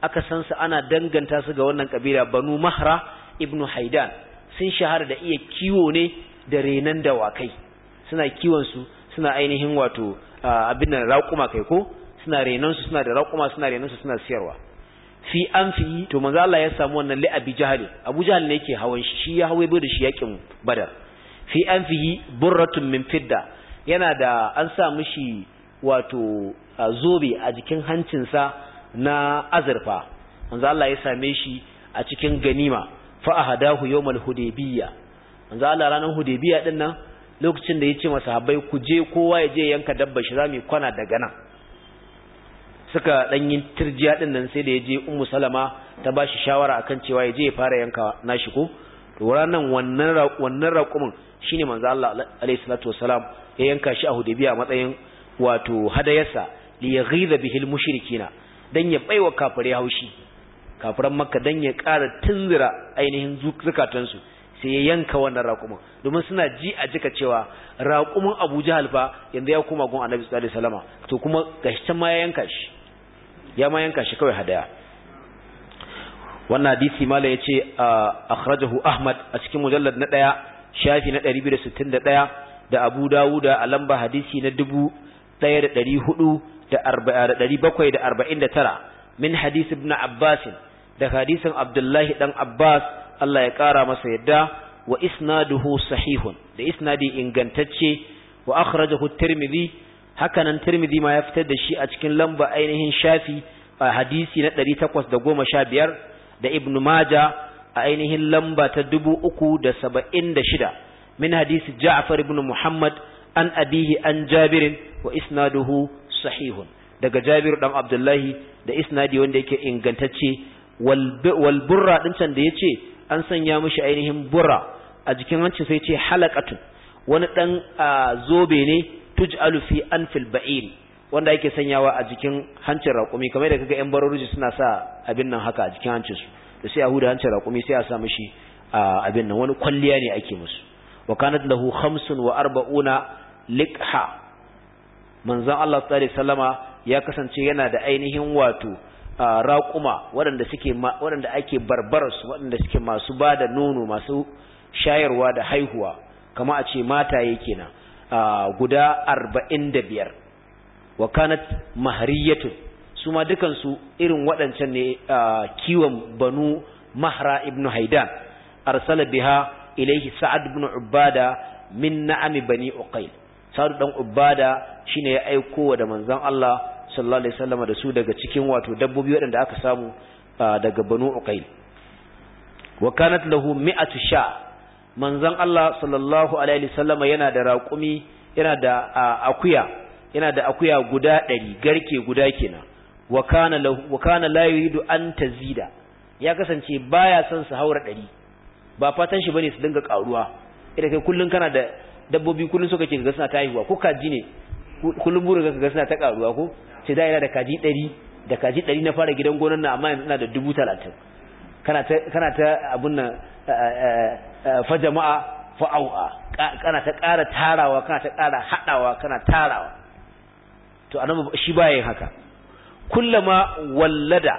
aka san su ana danganta su ga wannan kabila banu mahra ibnu haidan sun shahara da iya kiwo ne da renan dawakai suna kiwon su suna ainihin wato abin nan raƙuma kai ko suna renan su suna da raƙuma suna renan su suna siyarwa fi anfi to manzo Allah ya samu wannan li Abi Jahl Abu Jahl ne yake hawan shi shi ya hawaye bai da shi yakin Badar fi anfihi burratun min fidda yana da an sa mishi wato zobe a jikin hancinsa na azurfa manzo Allah ya same shi a cikin ganima fa ahadahu yawmal hudaybiyah manzo Allah ranar Hudaybiya din nan lokacin da ya yace masa sahabai ku je kowa ya je yanka dabba shi zamu kwana daga nan suka dan turjiya din nan sai da yaje Ummu Salama ta ba shi shawara akan cewa ya je ya fara yanka nashi ko to ranan wannan wannan raƙumin shine manzo Allah alaihi salatu wasalam ya yanka shi a Hudaybiya a matsayin wato hadayarsa li yaghiza bihi mushrikina dan ya baiwa kafirai haushi kafiran makka dan ya ƙara tunzira ainihin zukatansu sai ya yanka wannan raƙumin domin suna ji a jika cewa raƙumin Abu jihal fa yanzu ya koma gun Annabi sallallahu alaihi wasallam to kuma gashi ta ma ya yanka shi ya ma yanka shi kawai hadaya wannan hadisi mala ce akhrajahu Ahmad a cikin mujallad na ɗaya shafi na 261 da Abu Dawuda a lamba hadisi na da 1449 min hadisi ibn Abbas da hadisin Abdullahi dan Abbas Allah ya ƙara masa yadda wa isnaduhu sahihun da isnadi ingantacce wa akhrajahu tirmidhi hakanan tirmidhi ma ya fitar da shi a cikin lamba ainihin shafi a hadisi na 815 da ibnu maja a ainihin lamba ta 376 min hadisi ja'far ibn muhammad an abihi an jabirin wa isnaduhu sahihun daga jabiru dan abdullahi da isnadi wanda yake ingantacce wal burra din can da yace an sanya mishi ainihin bura a jikin hancin sai ce halaqatun wani dan zobe ne tuj'alu alufi anfil ba'ir wanda yake sanyawa a jikin hancin raƙumi kamar da kaga yan baroriji suna sa abin nan haka a jikin hancin su to sai a huda hancin raƙumi sai a sa mishi abin nan wani kwalliya ne ake musu wa kanat lahu arba'una likha manzon Allah sallallahu alaihi wasallama ya kasance yana da ainihin wato raƙuma waɗanda suke waɗanda ake barbararsu waɗanda suke masu ba da nono masu shayarwa da haihuwa kama a ce mata yake kenan guda arba'in da biyar wa kanat mahariyatun su ma dukansu irin waɗancan ne kiwon banu mahra Ibn haidan arsala biha ilaihi sa'ad ibn ubada min na'ami bani uqail sa'ad ɗan ubada shine ya aiko da manzon Allah sallallahu alaihi wasallam da su daga cikin wato dabbobi waɗanda aka samu daga banu uqayl wa kanat lahu mi'atu sha manzon Allah sallallahu alaihi wasallam yana da raƙumi yana da akuya yana da akuya guda 100 garke guda kenan wa kana lahu wa kana la yuridu an tazida ya kasance baya son su haura 100 ba fatan shi bane su dinga karuwa idan kai kullun kana da dabbobi kullun suka ke ga suna ta haihuwa ko kaji ne kullum burin ka ga suna ta karuwa ko ce da yana da kaji 100 da kaji 100 na fara gidan gonan nan amma yanzu ina da 30 kana ta kana ta abun nan eh, eh, eh, fa jama'a fa au'a kana ta ƙara tarawa kana ta ƙara hadawa kana tarawa to anan shi baya yin haka kullama wallada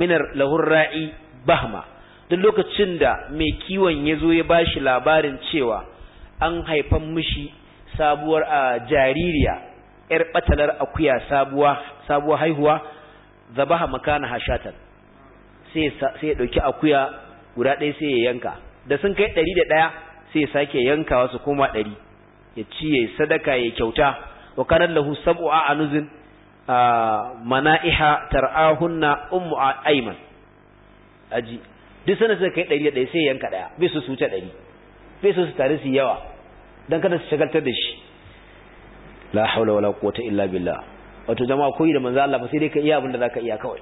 minar lahur ra'i bahma duk lokacin da mai kiwon yazo ya bashi labarin cewa an haifan mishi sabuwar a jaririya yar batalar akuya sabuwa sabuwa haihuwa zabaha makana hashatan sai sai ya dauki akuya guda ɗaya sai ya yanka da sun kai 101 sai ya sake yankawa su koma 100 ya ci ya sadaka ya kyauta wa kana lahu sab'u anuzin mana'iha tar'ahunna ummu ayman aji duk sanin suka kai ɗaya, sai ya yanka daya bai su su ta 100 bai su su tare su yawa dan kada su shagaltar da shi la haula wala quwwata illa billah wato jama'a koyi da manzo Allah fa sai dai ka iya abin da zaka iya kawai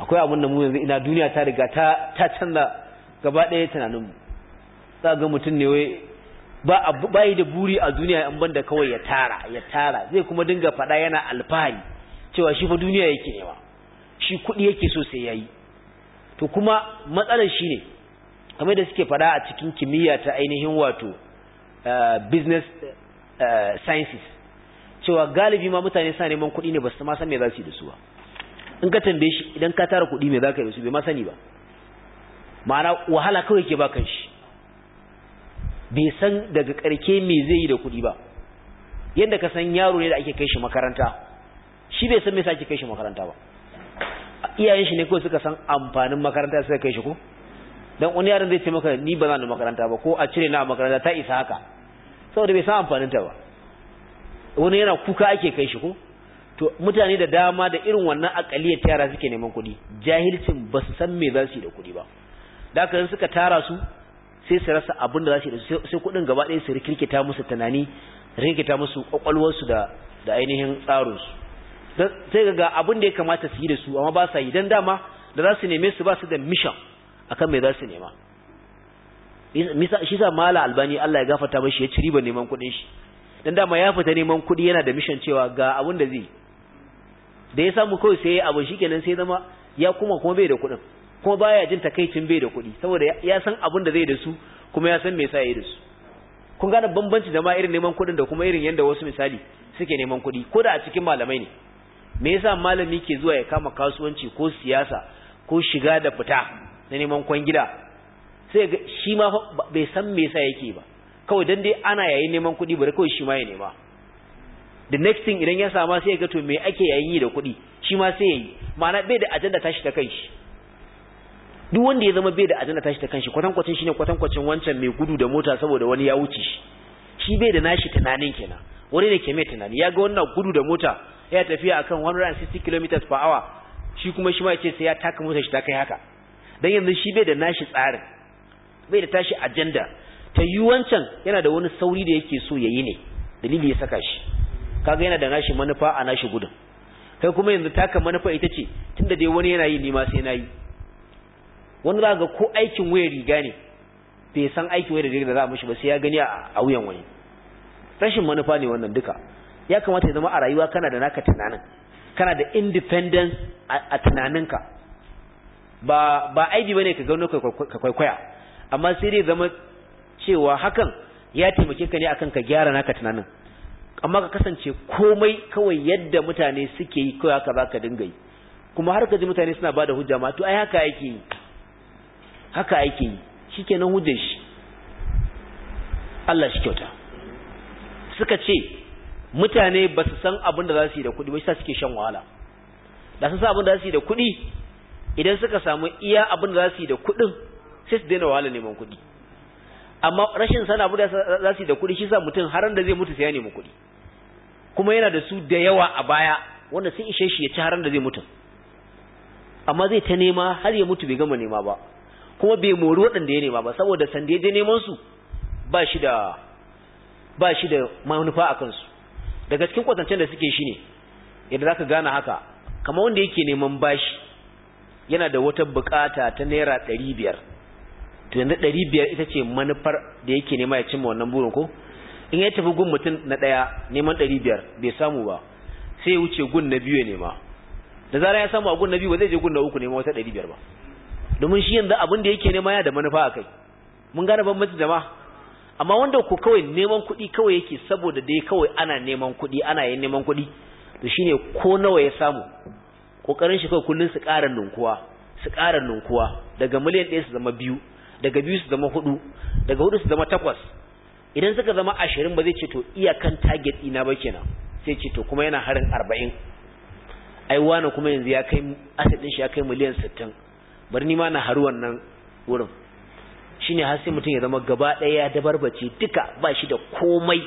akwai abin da mu yanzu ina duniya ta riga ta ta canza gaba ɗaya tunanin mu za ga mutum ne wai ba ba yi da buri a duniya an banda kawai ya tara ya tara zai kuma dinga fada yana alfahari cewa shi fa duniya yake yawa shi kuɗi yake so sai yayi to kuma matsalar shi ne kamar da suke fada a cikin kimiyya ta ainihin wato Uh, business uh, sciences cewa galibi ma mutane sa neman kuɗi ne ba su ma san me za su yi da su ba in ka tambaye shi idan ka tara kuɗi me za ka yi da su bai ma sani ba ma'ana wahala kawai ke ba shi bai san daga karke me zai yi da kuɗi ba yadda ka san yaro ne da ake kai shi makaranta shi bai san me sa ake kai shi makaranta ba iyayen shi ne kawai suka san amfanin makaranta suka kai shi ko dan wani yaron zai ce maka ni ba zan makaranta ba ko a cire na makaranta ta isa haka saboda bai san amfanin ta ba wani yana kuka ake kai shi ko to mutane da dama da irin wannan akaliyar yara suke neman kuɗi jahilcin ba su san me za su yi da kuɗi ba da haka suka tara su sai su rasa abin da za su yi sai kuɗin gaba ɗaya su rikirkita musu tunani rikirkita musu kwakwalwarsu da da ainihin tsarinsu sai ga abin da ya kamata su yi da su amma ba sa yi dan dama da za su neme su ba su da mission akan me za su nema shi sa mala albani Allah ya gafarta mashi ya ci riba neman kuɗin shi dan dama ya fita neman kuɗi yana da mission cewa ga abin da zai da ya samu kawai sai abu shikenan sai zama ya kuma kuma bai da kuɗin kuma baya jin takaicin bai da kuɗi saboda ya san abun da zai da su kuma ya san me yasa yayi da su kun gane bambanci da ma irin neman kuɗin da kuma irin yanda wasu misali suke neman kuɗi ko da a cikin malamai ne me yasa malami ke zuwa ya kama kasuwanci ko siyasa ko shiga da fita na neman kwangila sai ga shi ma bai san me yasa yake ba kawai dan dai ana yayin neman kuɗi bari kawai shi ma ya nema the next thing idan ya sama sai ya ga to me ake yayin yi da kuɗi shi ma sai ya yi ma'ana bai da ajanda tashi ta kanshi duk wanda ya zama bai da ajanda tashi ta kanshi kwatankwacin shine kwatankwacin wancan mai gudu da mota saboda wani ya wuce shi shi bai da nashi tunanin kenan wani ne ke mai tunani ya ga wannan gudu da mota ya tafiya akan 160 km per hour shi kuma shi ma ya ce sai ya taka mota shi ta kai haka dan yanzu shi bai da nashi tsarin bai da tashi ajanda ta yi wancan yana da wani sauri da yake so yayi ne dalili ya saka shi kaga yana da nashi manufa a nashi gudun kai kuma yanzu taka manufa ita ce tunda dai wani yana yi nima sai na yi wani za ga ko aikin waya riga ne bai san aikin waya riga da za a mishi ba sai ya gani a wuyan wani rashin manufa ne wannan duka ya kamata ya zama a rayuwa kana da naka tunanin kana da independence a tunaninka ba ba aibi bane ka gano ka kwaikwaya amma sai dai zama cewa hakan ya taimake ka ne akan ka gyara naka tunanin amma ka kasance komai kawai yadda mutane suke yi kawai haka baka dinga yi kuma har ka ji mutane suna bada hujja ma to ai haka yake yi haka yake yi shikenan hujjar shi Allah shi kyauta suka ce mutane ba su san abin da za su yi da kuɗi ba shi suke shan wahala da sun san abin da za su yi da kuɗi idan suka samu iya abin da za su yi da kuɗin sai su daina wahala neman kuɗi amma rashin sana abu da za su yi da kuɗi shi sa mutum har da zai mutu sai ya nemi kuɗi kuma yana da su da yawa a baya wanda sun ishe shi ya ci har da zai mutu amma zai ta nema har ya mutu bai gama nema ba kuma bai mori waɗanda ya nema ba saboda san da ya je neman su ba shi da ba shi da manufa a kansu daga cikin kwatancen da suke shi ne yadda za ka gane haka kamar wanda yake neman bashi yana da wata bukata ta naira ɗari biyar to yanzu ɗari biyar ita ce manufar da yake nema ya cimma wannan burin ko in ya tafi gun mutum na ɗaya neman ɗari biyar bai samu ba sai ya wuce gun na biyu ya nema da zara ya samu a gun na biyu ba zai je gun na uku nema wata ɗari biyar ba domin shi yanzu abin da yake nema ya da manufa a kai mun gane bambanci jama'a amma wanda ku kawai neman kuɗi kawai yake saboda dai kawai ana neman kuɗi ana yin neman kuɗi to shine ko nawa ya samu kokarin shi kai kullun su ƙara ninkuwa su ƙara ninkuwa daga miliyan ɗaya su zama biyu daga biyu su zama hudu daga hudu su zama takwas idan suka zama ashirin ba zai ce to iyakan target ina ba kenan sai ce to kuma yana harin arba'in ai wani kuma yanzu ya kai asset shi ya kai miliyan sittin bari ni ma na haru wannan wurin shine har sai mutum ya zama gaba ɗaya ya dabarbace duka ba shi da komai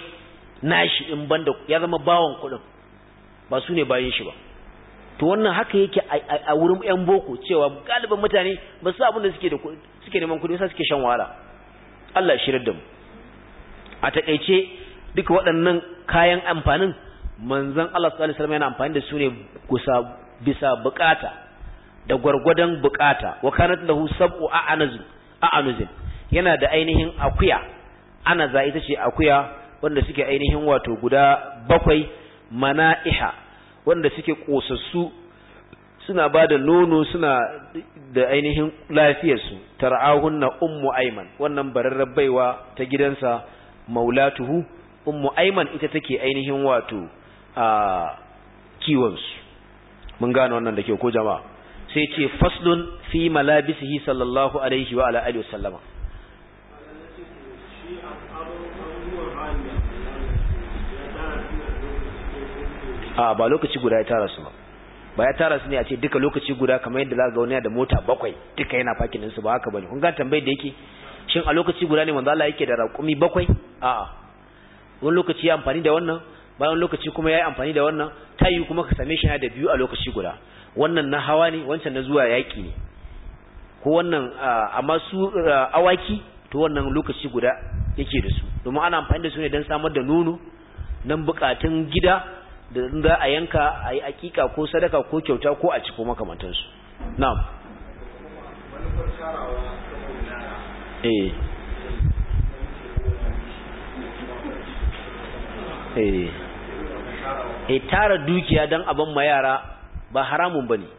nashi in banda ya zama bawan kuɗin ba su ne bayan shi ba to wannan haka yake a wurin yan boko cewa galibin mutane ba su abin da suke neman kudi sai suke shan wahala Allah shirar da mu a takeice duka waɗannan kayan amfanin manzon Allah sallallahu alaihi yana amfani da su ne bisa bukata da gwargwadon bukata wa kanat lahu sab'u a anuzin yana da ainihin akuya ana za ita ce akuya wanda suke ainihin wato guda bakwai mana'iha wanda suke kosassu suna ba da nono suna da ainihin lafiyarsu tar'ahunna ummu aiman wannan bararrar baiwa ta gidansa maulatuhu ummu aiman ita take ainihin wato a kiwonsu mun gane wannan da ke ko jama'a sai ce faslun fi malabisihi sallallahu alaihi wa ala alihi wasallama a ba lokaci guda ya tara su ba ba ya tara su ne a ce duka lokaci guda kamar yadda za ga wani da mota bakwai duka yana fakin ɗinsu ba haka bane kun ga tambayar da yake shin a lokaci guda ne manzo Allah yake da raƙumi bakwai a'a wani lokaci ya amfani da wannan bayan lokaci kuma ya yi amfani da wannan ta yi kuma ka same shi da biyu a lokaci guda wannan na hawa ne wancan na zuwa yaƙi ne ko wannan amma su awaki to wannan lokaci guda yake da su domin ana amfani da su ne don samar da nono don buƙatun gida da za a yanka a yi akika ko sadaka ko kyauta ko a ci makamantansu na'am eh eh e tara dukiya don abin ma yara ba haramun ba ne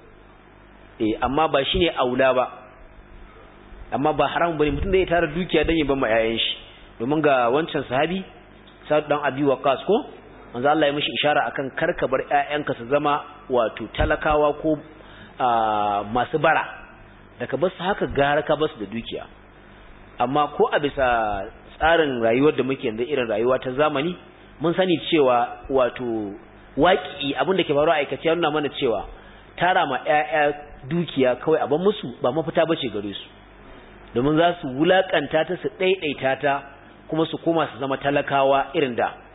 e amma ba shi ne aula ba amma ba haramun ba ne mutum da ya tara dukiya don yi ban ma 'ya'yan shi domin ga wancan sahabi sa'ad dan abi wa kasko. manzo Allah ya mishi ishara akan karka bar ƴaƴanka su zama wato talakawa ko masu bara daga basu haka gara ka basu da dukiya amma ko a bisa tsarin rayuwar da muke yanzu irin rayuwa ta zamani mun sani cewa wato waki abin ke faruwa aikace yana mana cewa tara ma ƴaƴa dukiya kawai a ban musu ba mafita bace gare su domin za su wulakanta ta su ɗaiɗaita ta kuma su koma su zama talakawa irin da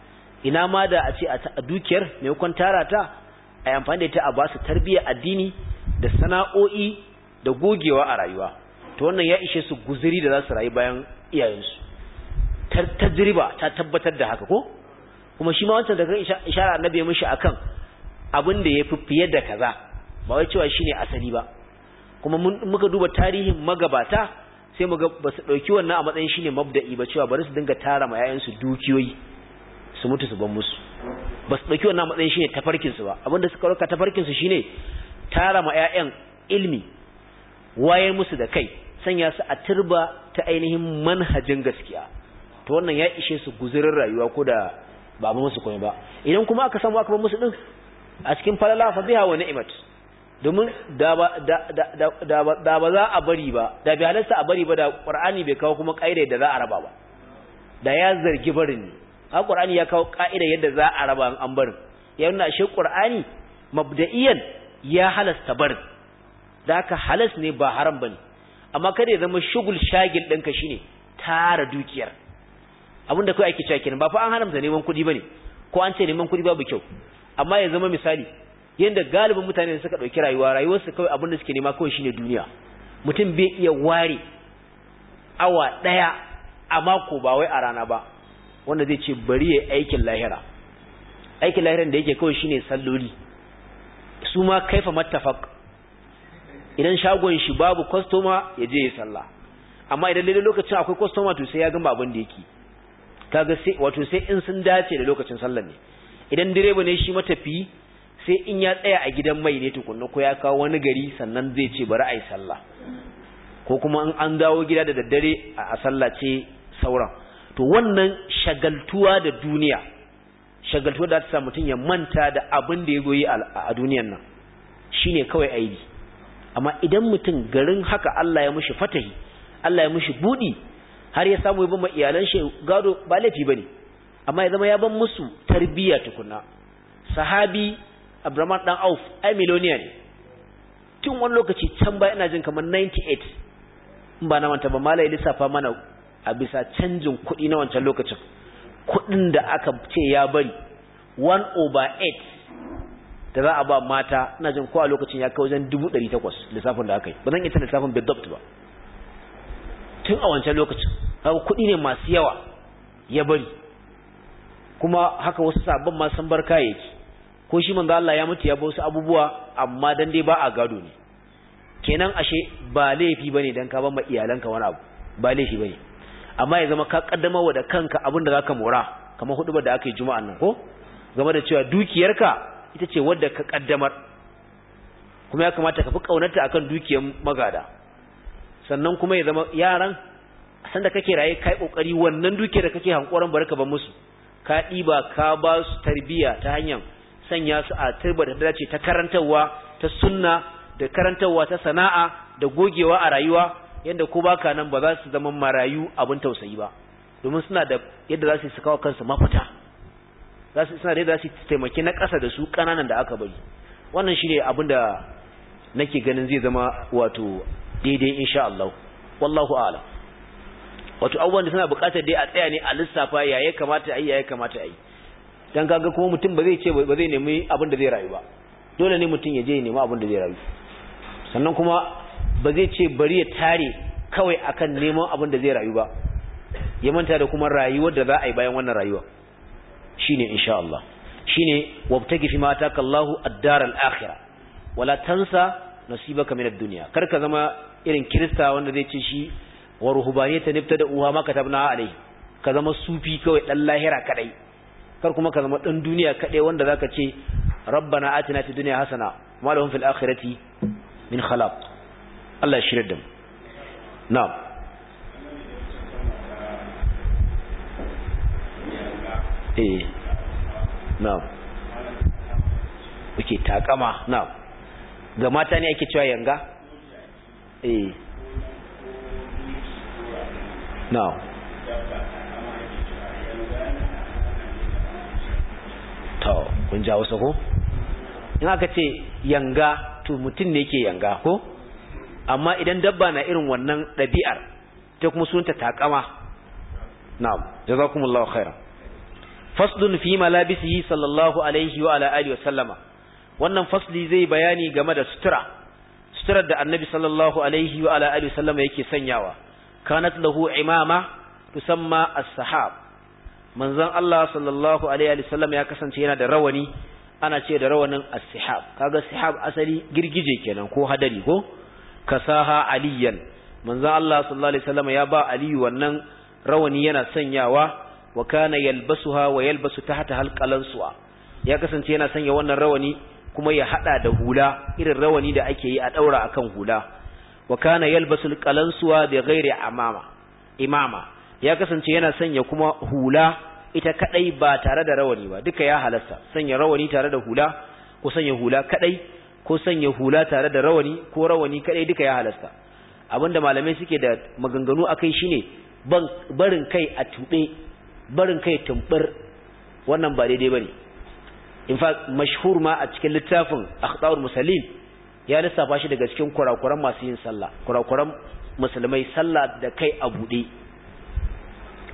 ina ma da a ce a dukiyar maimakon tara ta a yi amfani da ita a ba su addini da sana'o'i da gogewa a rayuwa Ta wannan ya ishe su guziri da za su rayu bayan iyayensu Ta jiriba ta tabbatar da haka ko kuma shi ma wancan da kan ishara annabi ya mishi akan abin da ya fi fiye da kaza ba wai cewa shine asali ba kuma muka duba tarihin magabata sai muga ba su ɗauki wannan a matsayin shine mabda'i ba cewa bari su dinga tara ma yayansu dukiyoyi su mutu su ban musu ba su ɗauki wannan matsayin shine tafarkinsu ba abinda suka ɗauka tafarkinsu ne tara ma 'ya'yan ilmi waye musu da kai sanya su a turba ta ainihin manhajin gaskiya to wannan ya ishe su guzurin rayuwa ko da ba a musu kome ba idan kuma aka samu aka ban musu din a cikin falala fa biha wa ni'mat domin da ba da ba za a bari ba da bi halarsa a bari ba da qur'ani bai kawo kuma kaida da za a raba ba da ya zargi barin ne a qur'ani ya kawo ka'ida yadda za a raba an barin ya nuna shi qur'ani mabda'iyan ya halasta barin da haka halas ne ba haram bane amma kada ya zama shugul shagil ɗinka shine tara dukiyar abinda kai ake cewa kenan ba fa an haramta neman kuɗi bane ko an ce neman kuɗi babu kyau amma ya zama misali yanda galibin mutane suka ɗauki rayuwa rayuwarsu kawai abinda suke nema kawai shine duniya mutum bai iya ware awa ɗaya a mako ba wai a rana ba wanda zai ce bari ya aikin lahira aikin lahiran da yake kawai shine salloli su ma kaifa mattafaq idan shagon shi babu kwastoma ya je ya salla. amma idan dai lokacin akwai kwastoma to sai ya gama abin da yake kaga sai wato sai in sun dace da lokacin sallar ne idan direba ne shi matafi sai in ya tsaya a gidan mai ne tukunna ko ya kawo wani gari sannan zai ce bari a yi sallah ko kuma in an dawo gida da daddare a sallace sauran to wannan shagaltuwa da duniya shagaltuwa da ta sa mutum ya manta da abin da ya goyi a duniyan nan shine kawai aibi amma idan mutum garin haka Allah ya mushi fatahi Allah ya mushi budi har ya samu yabon iyalan shi gado ba laifi bane amma ya zama ya ban musu tarbiyya tukuna sahabi Abdurrahman dan Auf ai miloniya ne tun wani lokaci can ba ina jin kamar 98 in ba na manta ba malayi lissafa mana a bisa canjin kuɗi na wancan lokacin kuɗin da aka ce ya bari 1 over 8 da za a ba mata na jin kowa lokacin ya kai wajen 800 lissafin da aka yi ba zan ita lissafin bidopt ba tun a wancan lokacin haka kuɗi ne masu yawa ya bari kuma haka wasu sabon masu bar kayayyaki ko shi manzo Allah ya mutu ya ba wasu abubuwa amma dan dai ba a gado ne kenan ashe ba laifi bane dan ka ba ma iyalanka wani abu ba laifi bane amma ya zama ka kaddama wa da kanka abin da ka mora kamar hudubar da aka yi juma'an nan ko game da cewa dukiyarka ita ce wadda ka kaddamar kuma ya kamata ka fi kaunarta kan dukiyar magada sannan kuma ya zama yaran sanda kake raye kai ƙoƙari, wannan dukiyar da kake hankoran barka ba musu ka ɗiba ka ba su tarbiya ta hanyar sanya su a turba da dace ta karantarwa ta sunna da karantarwa ta sana'a da gogewa a rayuwa yadda ko baka nan ba za su zama marayu abin tausayi ba domin suna da yadda za su su kawo kansu mafita za su suna da yadda za su taimaki na ƙasa da su ƙananan da aka bari wannan shine abin da nake ganin zai zama wato daidai insha Allah wallahu a'ala wato abubuwan da suna buƙatar dai a tsaya ne a lissafa ya ya kamata ai ya yi kamata yi. dan kaga kuma mutum ba zai ce ba zai nemi abin da zai rayu ba dole ne mutum ya je ya nemi abin da zai rayu sannan kuma ba zai ce bari ya tare kawai akan neman abin da zai rayu ba ya manta da kuma rayuwar da za a yi bayan wannan rayuwa shine insha Allah shine wabtagi fi ma ataka Allahu ad-dar al-akhirah wala tansa nasibaka min ad-dunya kar ka zama irin kirista wanda zai ce shi wa ruhbaniyatan ibtada uha ma katabna alayhi ka zama sufi kawai dan lahira kadai kar kuma ka zama dan duniya kadai wanda zaka ce rabbana atina fid dunya hasana ma lahum fil akhirati min khalaq Allah ya shirya da mu na'am eh na'am kuke takama na'am ga mata ne ake cewa yanga eh na'am to kun ja wasu ko in aka ce yanga to mutum ne yake yanga ko amma idan dabba na irin wannan ɗabi'ar ta kuma sunta takama na'am jazakumullahu khairan faslun fi malabisihi sallallahu alaihi wa ala alihi wa sallama wannan fasli zai bayani game da sutura suturar da annabi sallallahu alaihi wa ala alihi wa sallama yake sanyawa kanat lahu imama tusamma as-sahab manzon Allah sallallahu alaihi wa sallam ya kasance yana da rawani ana ce da rawanin as sahab kaga sahab asali girgije kenan ko hadari ko kasaha aliyan manzo Allah sallallahu alaihi wasallam ya ba ali wannan rawani yana sanyawa wa kana yalbasuha wa yalbasu tahta halqalansuwa ya kasance yana sanya wannan rawani kuma ya hada da hula irin rawani da ake yi a daura akan hula wa kana yalbasu alqalansuwa bi ghairi amama imama ya kasance yana sanya kuma hula ita kadai ba tare da rawani ba duka ya halasta sanya rawani tare da hula ko sanya hula kadai ko sanya hula tare da rawani ko rawani kadai duka ya halasta abinda malamai suke da maganganu akai shine barin kai a tube barin kai tumbar wannan ba daidai bane in fact mashhur ma a cikin littafin akhtaur musallin ya lissafa shi daga cikin kurakuran masu yin sallah kurakuran musulmai sallah da kai a bude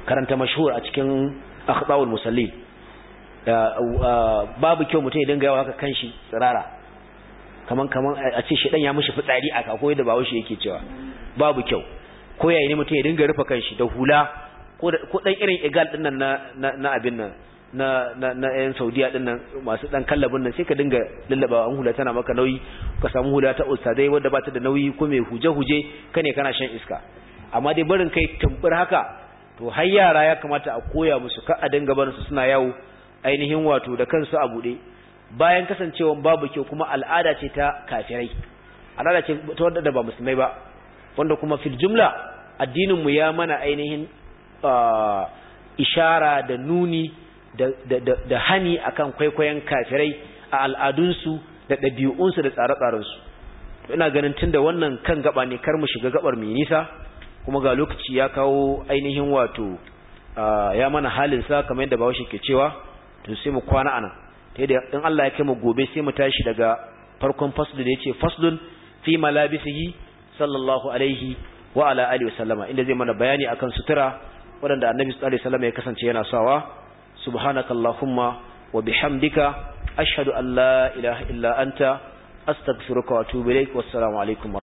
karanta mashhur a cikin akhtaur musallin babu kyau mutum ya dinga yawa haka kanshi tsirara kaman kaman a ce shedan ya mishi fitsari a kako da bawo shi yake cewa babu kyau ko yayi ne mutum ya dinga rufe kanshi da hula ko dan irin egal din nan na na abin nan na na na yan Saudiya din nan masu dan kallabin nan sai ka dinga lallabawa an hula tana maka nauyi ka samu hula ta ustadai wadda ba ta da nauyi ko mai huje huje kane kana shan iska amma dai barin kai tumbur haka to har yara ya kamata a koya musu ka a dinga barin su suna yawo ainihin wato da kansu a bude bayan kasancewa babu kyau kuma al'ada ce ta kafirai al'ada ce ta wanda da ba musulmai ba wanda kuma fil jumla addinin mu ya mana ainihin ishara da nuni da hani akan kwaikwayon kafirai a al'adunsu da ɗabi'unsu da tsare-tsarensu ina ganin tunda wannan kan gaba ne kar mu shiga gabar mai nisa kuma ga lokaci ya kawo ainihin wato ya mana halin sa kamar yadda shi ke cewa to sai mu kwana anan ta in Allah ya kai mu gobe sai mu tashi daga farkon faslu da yace faslun fi malabisihi sallallahu alaihi wa ala alihi wasallama inda zai mana bayani akan sutura waɗanda annabi sallallahu alaihi wasallam ya kasance yana sawa subhanakallahumma wa bihamdika ashhadu an la ilaha illa anta astaghfiruka wa atubu ilaik wassalamu alaikum